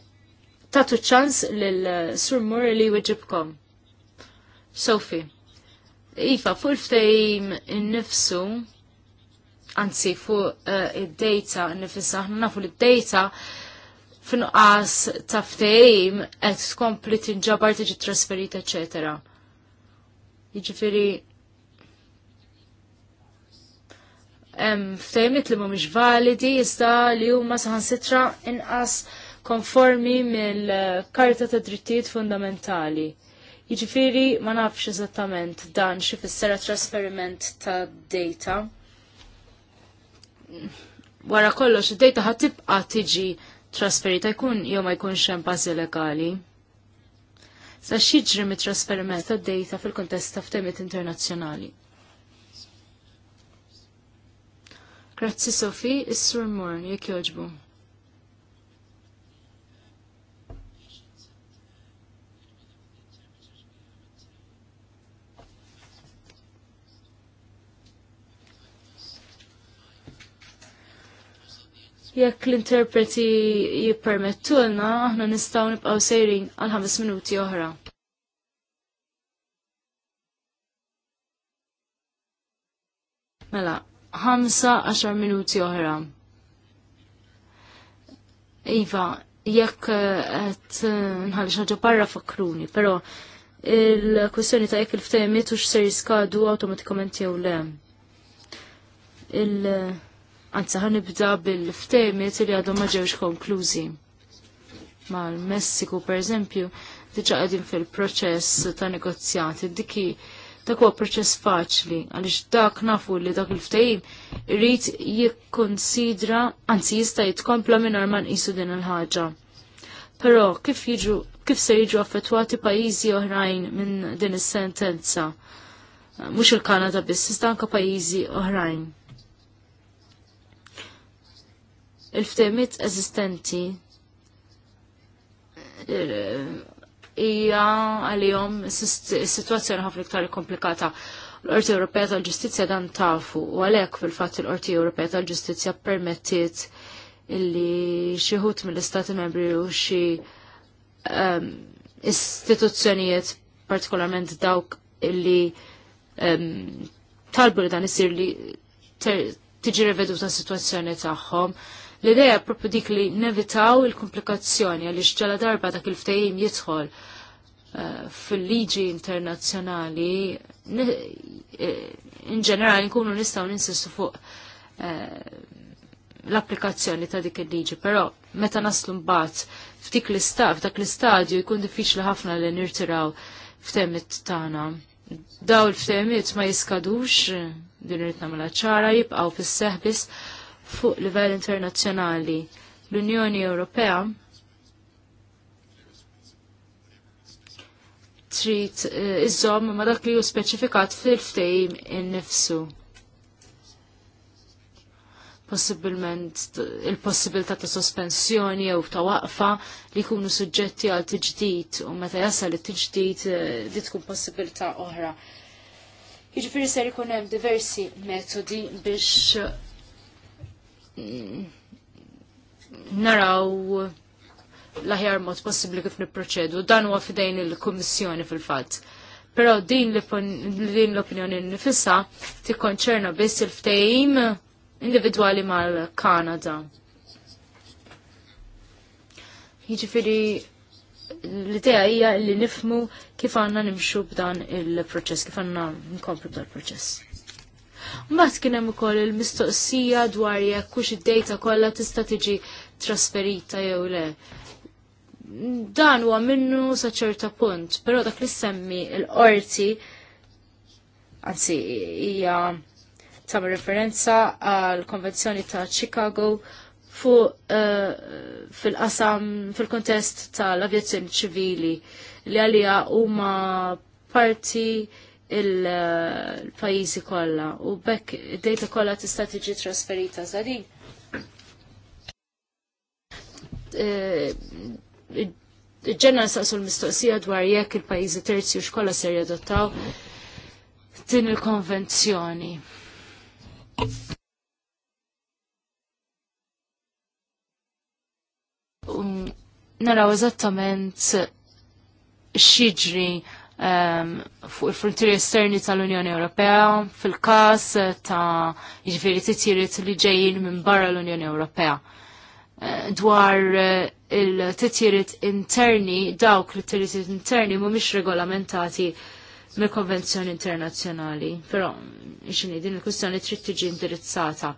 tatu ċans l-Sur Mur li weġibkom. Sophie, Iva, fuq il-ftejm nifsu, anzi fuq eh, id-data nifissa, nafu l-data f'nuqqas ta' ftehim qed tkompli tinġabar tiġi trasferita, eċetera. Jiġifieri fejmit li mhumiex validi iżda li huma saħansitra inqas konformi mill-Karta ta' Drittijiet Fundamentali. Jiġifieri ma nafx eżattament dan xi fissera trasferiment ta' data. Wara kollox id-data ħad tibqa' tiġi trasferita jkun jew ma jkunx hemm bażi legali sa xieġri mit trasferiment ta' data fil-kontest ta' f'temet internazzjonali. Grazzi Sofi, is-Sur Moore, jek joġbu. Jekk l-interpreti jippermettulna, aħna nistgħu nibqgħu sejrin għal ħames minuti oħra. Mela, ħamsa għaxar minuti oħra. Iva, jekk qed eh, eh, nħalli xaġa barra fakruni, però il-kwestjoni ta' jekk il-ftehmiet u x'ser jiskadu awtomatikament jew le. Il- Anzi ħanibda bil-ftemiet li għadhom ma ġewx konklużi. Mal-Messiku per eżempju, diġa għedin fil-proċess ta' negozjati diki ta' kwa proċess faċli għaliex dak nafu li dak il-ftehim irid jikkonsidra anzi jista' jitkompla mingħajr ma nqisu din il-ħaġa. Però kif jiġu kif se jiġu affettwati pajjiżi oħrajn minn din is-sentenza? Mhux il-Kanada biss, iżda anke pajjiżi oħrajn. il-ftemiet eżistenti hija jom situazzjoni ħafna iktar komplikata. L-Qorti Ewropea tal-Ġustizzja dan tafu u għalhekk fil-fatt il-Qorti Ewropea tal-Ġustizzja permettit illi xi mill-Istati Membri u xi um, istituzzjonijiet partikolarment dawk illi um, talbu li dan isir li tiġi reveduta situazzjoni tagħhom L-ideja proprio dik li nevitaw il-komplikazzjoni għaliex ġala darba dak il ftejim jidħol eh, fil-liġi internazzjonali eh, in ġenerali nkunu nistgħu ninsistu fuq eh, l-applikazzjoni ta' dik il-liġi, però meta naslu mbagħad f'dik l-istad, f'dak l-istadju jkun diffiċli ħafna li nirtiraw f'temmit tagħna. Daw l-ftemiet ma jiskadux, din irid nagħmilha ċara jibqgħu fis-seħbis fuq livell internazzjonali. L-Unjoni Ewropea trid eh, iżomm ma dak li hu speċifikat fil-ftehim innifsu. Possibilment il-possibilità ta' sospensjoni jew ta' waqfa li jkunu suġġetti għal tiġdid u meta jasal it-tiġdid eh, li tkun possibilità oħra. Jiġifieri ser ikun hemm diversi metodi biex naraw l-aħjar mod possibli kif niproċedu. Dan huwa fidejn il-Kummissjoni fil-fatt. Però din l-opinjoni nifissa tikkonċerna biss il-ftehim individwali mal-Kanada. Jiġifieri l-idea hija li nifmu kif għandna nimxu b'dan il-proċess, kif għandna nkomplu b'dan il-proċess. Mbagħad kien hemm ukoll il-mistoqsija dwar jekk hux id-dejta kollha tista' tiġi trasferita jew le. Dan huwa minnu sa ċerta punt, però dak li semmi l-qorti anzi hija ta' referenza għal konvenzjoni ta' Chicago fuq uh, fil-qasam fil-kontest tal-avjazzjoni ċivili li għalija huma parti il-pajizi kolla u bekk id-data kolla tista' tiġi trasferita zadin. Eh, Ġenna nsaqsu l-mistoqsija dwar jekk il-pajizi terzi u xkolla ser jadottaw din il-konvenzjoni. Naraw eżattament xiġri Um, fuq il-frontieri esterni tal-Unjoni Ewropea fil-kas eh, ta' ġifiri titjiriet li ġejjin minn barra l-Unjoni Ewropea. Eh, dwar eh, il-titjiriet interni, dawk li titjiriet interni mhumiex regolamentati mill konvenzjoni internazzjonali, però xini din il-kwistjoni trid tiġi indirizzata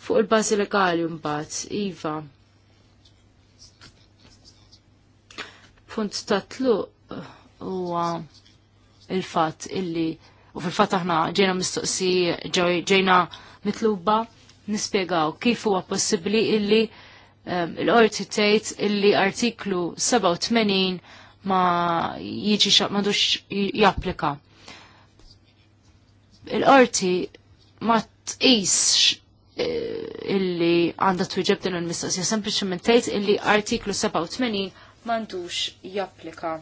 fuq il-bażi legali mbagħad, iva. Punt tatlu huwa il-fatt illi u fil-fatt aħna ġejna mistoqsi ġejna mitluba nispjegaw kif huwa possibbli illi um, l-qorti tgħid illi artiklu 87 ma jiġi madux japplika. Il-qorti ma tqisx eh, illi għandha twieġeb din il-mistoqsija sempliċement tgħid illi artiklu 87 m'għandux japplika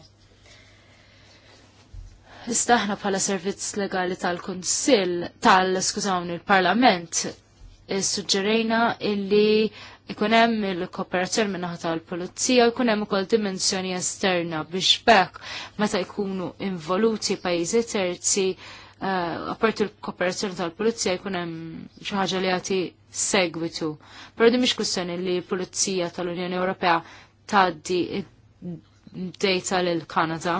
istaħna aħna bħala servizz legali tal-Kunsill tal-skużawni il-Parlament eh, suġġerejna illi ikun hemm il-kooperazzjoni minnaħa tal-Pulizija jkun hemm ukoll dimensjoni esterna biex bekk meta jkunu involuti pajjiżi terzi uh, eh, il-kooperazzjoni tal-Pulizija jkun hemm xi ħaġa li jagħti segwitu. Però di mhix kwistjoni li l-Pulizija tal-Unjoni Ewropea tgħaddi id-data lil Kanada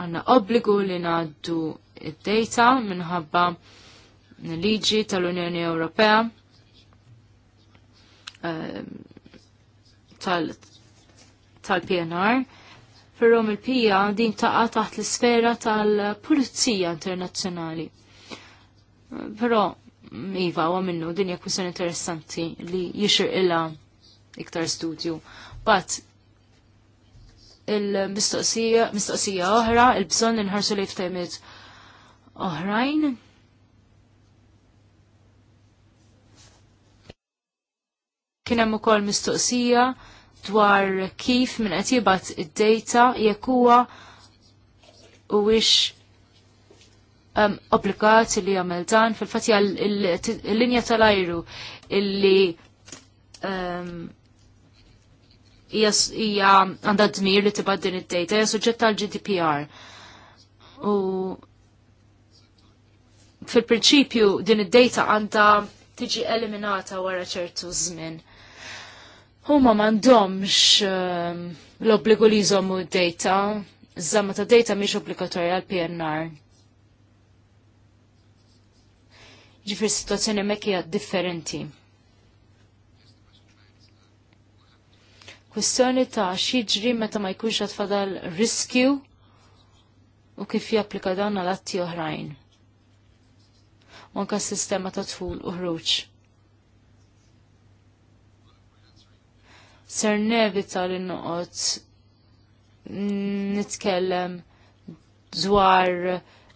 għanna obbligu li naddu id-data minħabba liġi tal-Unjoni Ewropea eh, tal-PNR, però il-pija din taqa taħt l-sfera tal-Pulizija Internazzjonali. Però Iva, għu minnu, din hija kwistjoni interessanti li jixir illa iktar studju. But il-mistoqsija oħra, il-bżon nħarsu li ftemet oħrajn. Kienem hemm ukoll mistoqsija dwar kif minn qed jibgħat id-data jekk u wix um, li jagħmel dan fil-fatt l-linja tal-ajru illi um, hija għandha dmir li tibgħat din id-data hija suġġett tal-GDPR. U fil-prinċipju din id-data għandha tiġi eliminata wara ċertu żmien. Huma m'għandhomx ehm, l-obbligu li jżommu d-data, żamma ta' data mhix obbligatorja għal PNR. Ġifir situazzjoni mekkija hija differenti. kwistjoni ta' xieġri meta ma jkunx qed fadal riskju u kif japplika dan għal atti oħrajn. Anka s-sistema ta' tfull u ħruġ. Ser nevita li noqot nitkellem dwar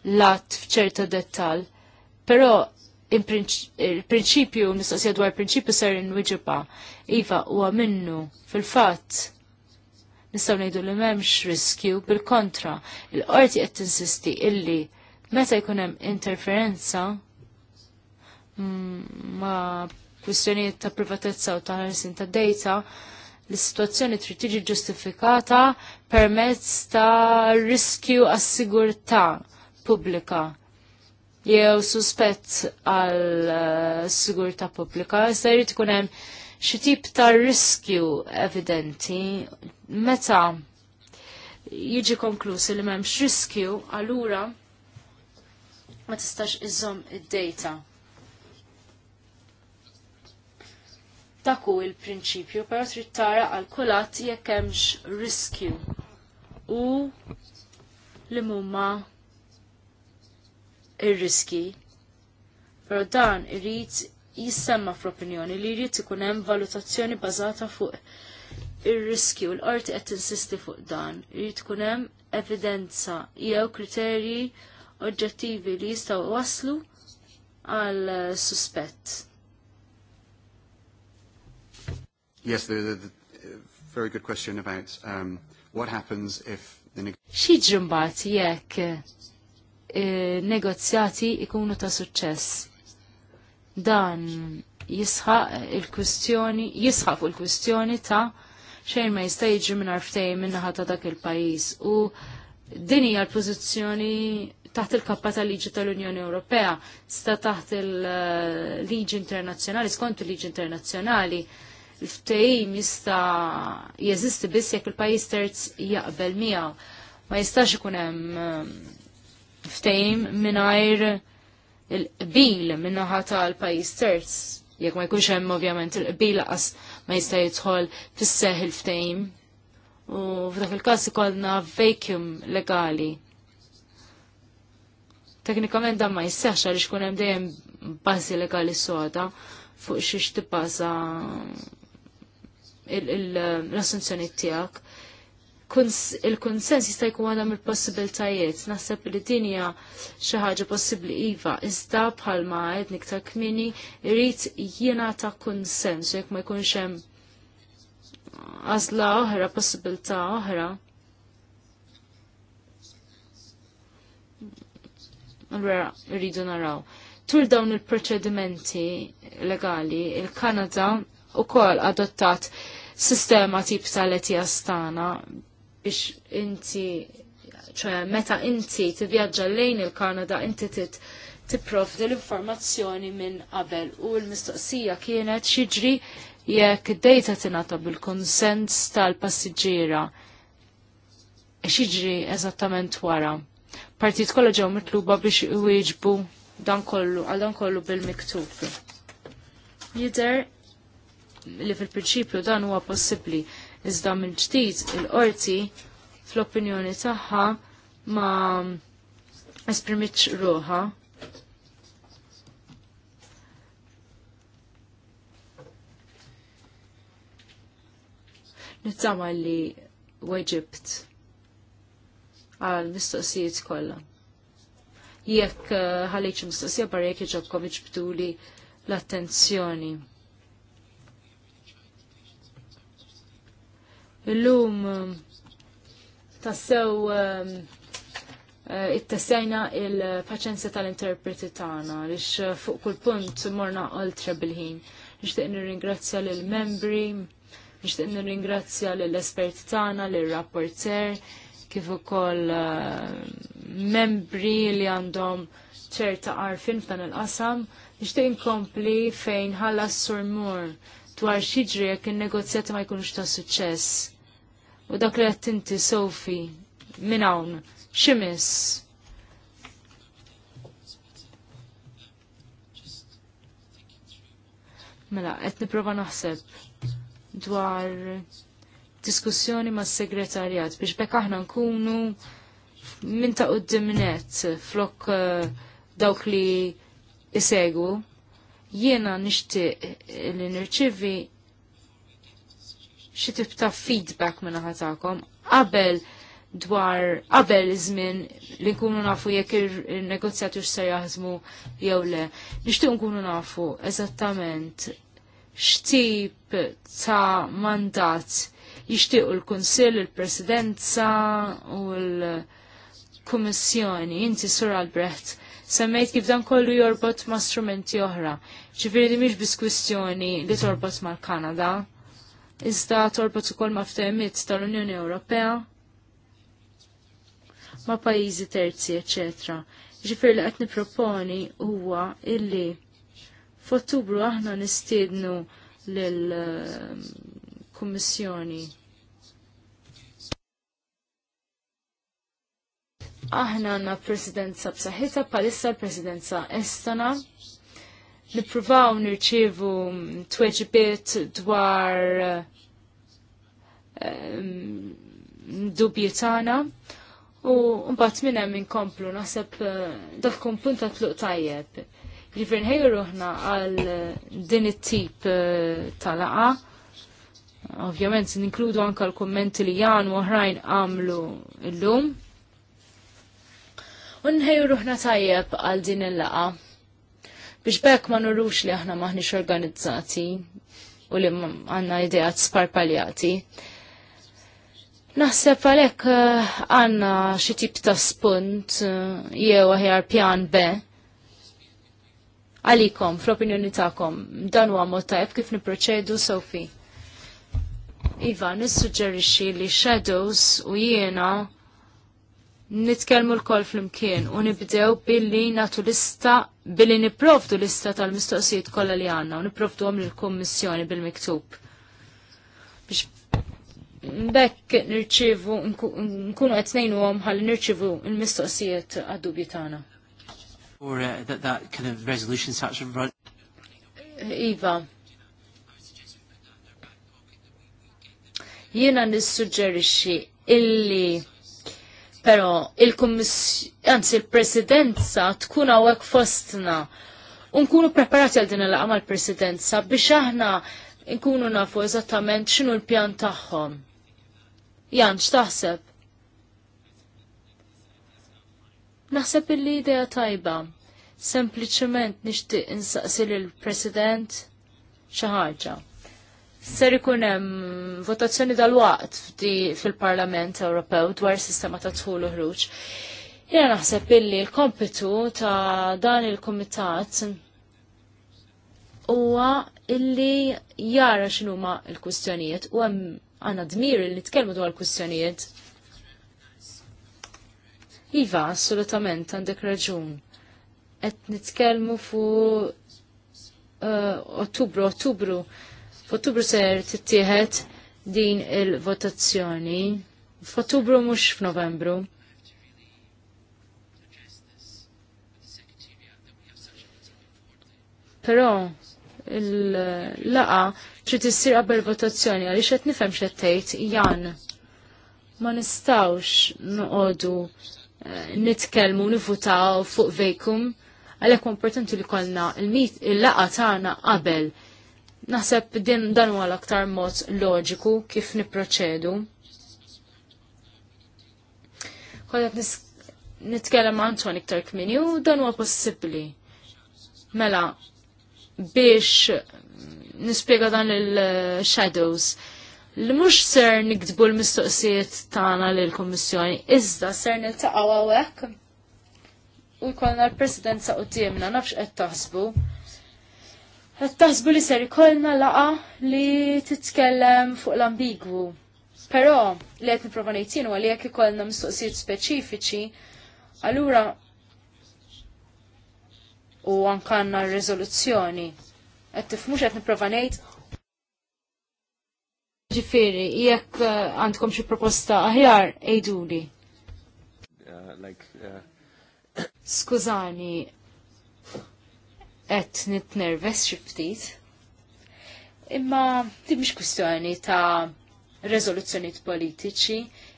lat f'ċerta dettal, però il-prinċipju, mistoqsija dwar prinċipju ser in-wġibba, Iva, huwa minnu, fil-fatt, nistaw nejdu li memx riskju bil-kontra. Il-qorti qed tinsisti illi meta jkun hemm interferenza mm, ma' kwistjonijiet ta' privatezza u ta' ħarsin ta' data, l-situazzjoni trid tiġi ġustifikata permezz ta' riskju għas-sigurtà pubblika jew suspett għal eh, sigurtà pubblika, se jrid ikun hemm xi tip ta' riskju evidenti meta jiġi konklusi li m'hemmx riskju allura ma tistax iżomm id-data. Dak hu l prinċipju però trid tara għal kulat jekk hemmx riskju u li mumma ir-riski. Però dan irrit jissemma fl-opinjoni li jrid ikun hemm valutazzjoni bażata fuq ir-riski u l-qorti qed tinsisti fuq dan. Irrid ikun hemm evidenza jew kriterji oġġettivi li jistgħu waslu għal suspett. Yes, the, the, the very good question about um, what happens if the Xi ġrimbat jekk negozjati ikunu ta' suċċess. Dan jisħaq il-kwistjoni, jisħaq fuq il-kwistjoni ta' xejn ma jista' jiġi minn arftej minnaħa ta' dak il-pajjiż u din hija l-pożizzjoni taħt il-kappa tal-liġi tal-Unjoni Ewropea, sta taħt il-liġi internazzjonali, skont il-liġi internazzjonali, il-ftehim jista jeżisti biss jekk il-pajjiż terz jaqbel miegħu. Ma jistax ikun hemm ftejim mingħajr il-qbil minnaħa tal-pajjiż terz. Jekk ma jkunx hemm ovvjament il-qbil laqas ma jista' jidħol fis-seħ il ftejm U f'dak il-każ ikollna vacuum legali. Teknikament dan ma jistax għaliex kun hemm dejjem bażi legali soda fuq xiex tibbaża l-assunzjoni tiegħek il-konsens jista' jkun għadha mill-possibiltajiet. Naħseb li din hija xi ħaġa possibbli iva, iżda bħalma qed niktar kmini irid jiena ta' konsens jekk ma jkunx hemm għażla oħra, possibilità oħra. Allura rridu naraw. Tul dawn il-proċedimenti legali, il-Kanada wkoll adottat sistema tip tal etja stana biex inti ċoja meta inti tivvjaġġa lejn il-Kanada inti tit tipprovdi l-informazzjoni minn qabel u l-mistoqsija kienet xiġri jekk id-dejta tingħata bil-konsens tal-passiġġiera. Xiġri eżattament wara. Partit kollha ġew mitluba biex iwieġbu dan kollu għal dan kollu bil-miktub. Jider li fil-prinċipju dan huwa possibbli Iżda mill-ġdid il-qorti fl-opinjoni tagħha ma esprimitx ruha. Nittama li weġibt għal mistoqsijiet kollha. Jekk uh, ħalejċ mistoqsija barra jekk iġobkom iġbtuli l-attenzjoni. Illum um, tassew um, uh, it-tessajna il-paċenza tal-interpreti tagħna lix uh, fuq kull punt morna oltre bil-ħin. Nixtieq nirringrazzja lill-membri, nixtieq nirringrazzja lill-esperti tagħna, lill-rapporter, kif ukoll uh, membri li għandhom ċerta għarfin f'dan il-qasam, nixtieq inkompli fejn ħallas surmur dwar xi jekk in-negozjati ma jkunux ta' suċċess u dak li qed inti Sofi minn hawn ximis. Mela, qed nipprova naħseb dwar diskussjoni ma' segretarjat biex bekk aħna nkunu minn ta' uddimnet flok eh, dawk li isegu. Jiena nixtieq li nirċivi xi tip ta' feedback minn ħatakom qabel dwar qabel iż-żmien li nkunu nafu jekk il-negozjati x'ser jaħdmu jew le. Nixtieq nkunu nafu eżattament x'tip ta' mandat jixtiequ l-Kunsill, il-Presidenza u l-Kummissjoni. Inti Sur Albrecht semmejt kif dan kollu jorbot ma' strumenti oħra. Ġifieri di mhix biss kwistjoni li torbot mal-Kanada iżda torbot ukoll ma' ftehimiet tal-Unjoni Ewropea ma' pajjiżi terzi, eċetera. Ġifier li qed niproponi huwa illi f'Ottubru aħna nistiednu lill ehm, kummissjoni aħna għanna presidenza b'saħħitha bħalissa l-presidenza estana nippruvaw nirċievu tweġibiet dwar ehm, dubji tagħna u mbagħad minn hemm inkomplu naħseb eh, dak kun ta' tluq tajjeb. Ġifier nħejju ruħna għal din it-tip eh, ta' laqa. Ovvjament ninkludu anke l-kummenti li jan u oħrajn għamlu llum. U nħejju ruħna tajjeb għal din il-laqa biex bekk ma nurux li aħna maħniex organizzati u li għanna ideat sparpaljati. Naħseb għalek eh, għanna xi tip ta' spunt eh, jew aħjar pjan B għalikom, fl-opinjoni ta'kom, dan huwa mod ta' kif niproċedu Sofi. Iva, nissuġġerixxi li shadows u jiena nitkelmu l-koll fl-imkien u nibdew billi natu lista, billi niprofdu lista tal-mistoqsijiet kolla li għanna u niprofdu għom l-kommissjoni bil-miktub. Biex bekk nirċivu, nkunu qed ngħinu għom ħalli nirċivu l-mistoqsijiet għad-dubji Or uh, that, that kind of resolution starts to run. Iva. Jena nissuġġerixxi illi Pero il-Kummissjoni, anzi il-Presidenza tkun hawnhekk fostna. Unkunu preparati għal din l-għamal mal-Presidenza biex aħna nkunu nafu eżattament x'inhu l-pjan tagħhom. Jan, x'taħseb? Naħseb il idea tajba. Sempliċement nixtieq insaqsil il-President xaħġa ser ikun hemm votazzjoni dal-waqt fil-Parlament Ewropew dwar sistema ta' tħul u ħruġ. Jena naħseb illi l-kompitu ta' dan il-komitat huwa illi jara x'inhuma l-kwistjonijiet u hemm għandna dmir li tkellmu dwar l-kwistjonijiet. Iva, assolutament għandek raġun. Qed nitkellmu fu uh, Ottubru, Ottubru F'Ottubru ser tittieħed din il-votazzjoni. F'Ottubru mhux f'Novembru. Però il-laqa trid issir qabel votazzjoni għaliex qed nifhem x'qed tgħid Jan. Ma nistgħux noqogħdu eh, nitkellmu nifutaw fuq vejkum għalhekk importanti li kollna il-laqa tagħna qabel Naħseb din dan huwa l-aktar mod loġiku kif niproċedu. Kollet nitkellem ma' Anton iktar kmini u dan huwa possibbli. Mela, biex nispjega dan il-shadows li mhux ser nikdbu l-mistoqsijiet tagħna lill kummissjoni iżda ser niltaqgħu hawnhekk u jkollna l-presidenza qudiemna nafx qed taħsbu Għattasbu li ser ikollna laqa li titkellem fuq l-ambigwu. Però li qed nipprova ngħid jien li jekk ikollna mistoqsijiet speċifiċi, allura u anke għandna r-riżoluzzjoni. Qed tifmux qed nipprova ngħid Ġifieri, jekk eh, għandkom xi proposta aħjar, ejduli. Uh, uh, Skużani, qed nitnerves xi ftit. Imma din mx kwistjoni ta' rezoluzzjoni politiċi,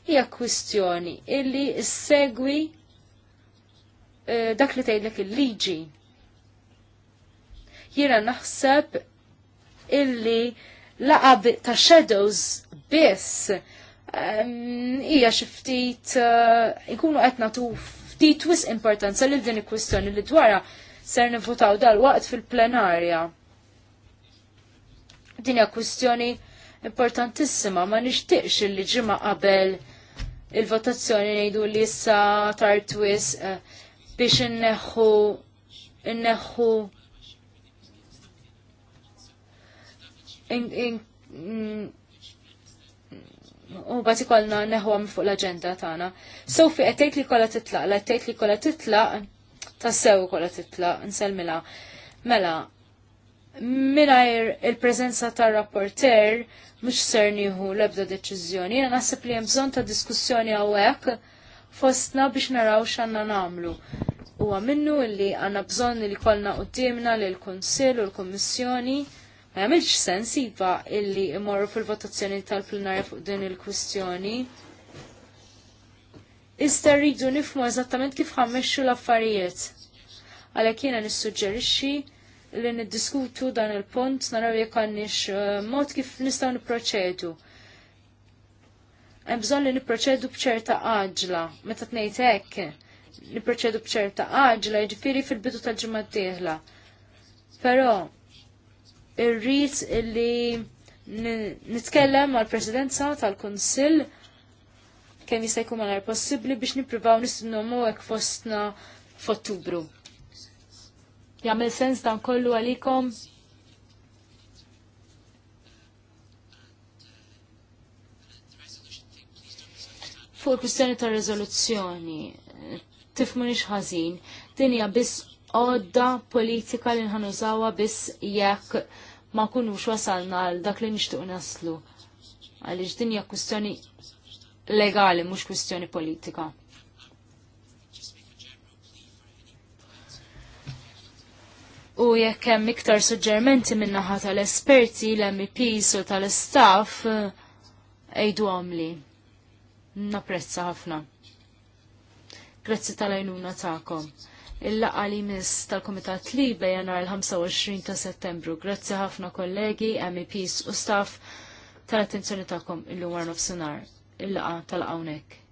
hija kwistjoni illi segwi eh, dak li tgħidlek il-liġi. Jiena naħseb illi laqab ta' shadows biss hija xi ftit eh, ikunu qed nagħtu ftit wis importanza lil din il-kwistjoni li dwarha ser nivvotaw dal-waqt fil-plenarja. Dinja kwistjoni importantissima ma nixtieqx li ġimma qabel il-votazzjoni ngħidu li issa tartwis eh, biex inneħħu inneħħu mm, u bat kolna neħu fuq l-agenda tagħna. Sofi qed tgħid li kollha titlaq, qed tgħid li kolla titlaq Tassew sew kolla titla, nselmila. Mela, minajr il-prezenza ta' rapporter mux ser nieħu lebda deċizjoni, jena nasib li jemżon ta' diskussjoni għawek fostna biex naraw xanna namlu. U għaminnu iva, illi għanna bżon li kolna u dimna li l-Konsil u l komissjoni ma jgħamilx sens illi imorru fil-votazzjoni tal-plenarja fuq din il-kwistjoni. il il kwistjoni Iżda rridu nifmu eżattament kif ħammexxu l-affarijiet. Għalhekk jiena nissuġġerixxi li niddiskutu dan il-punt naraw jekk għandniex eh, mod kif nistgħu nipproċedu. Hemm bżonn li nipproċedu b'ċerta għaġla. Meta tgħid hekk, nipproċedu b'ċerta għaġla, jiġifieri fil-bidu tal-ġimgħa d-dieħla. Però irrid illi nitkellem mal-Presidenza tal-Kunsill kemm jista' jkun malar possibbli biex nippruvaw nistennomu hekk fostna f'Ottubru. Jagħmel sens dan kollu għalikom? Fuq il-kwistjoni ta' rezoluzzjoni, tifmu nix ħażin, din hija biss għodda politika li nħanużawa biss jekk ma kunux wasalna għal dak li nixtuq naslu. Għaliex din hija kwistjoni legali, mhux kwistjoni politika. U jekk hemm iktar suġġermenti min-naħa tal-esperti, l-MEPs u tal-istaff, ejdu għamli. Napprezza ħafna. Grazzi tal-għajnuna tagħkom. Il-laqqa li mis tal-Komitat Libe janar il 25 ta' settembru. Grazzi ħafna kollegi, MEPs u staff tal-attenzjoni tagħkom il-lumar nofsinhar il-laqa tal-għawnek.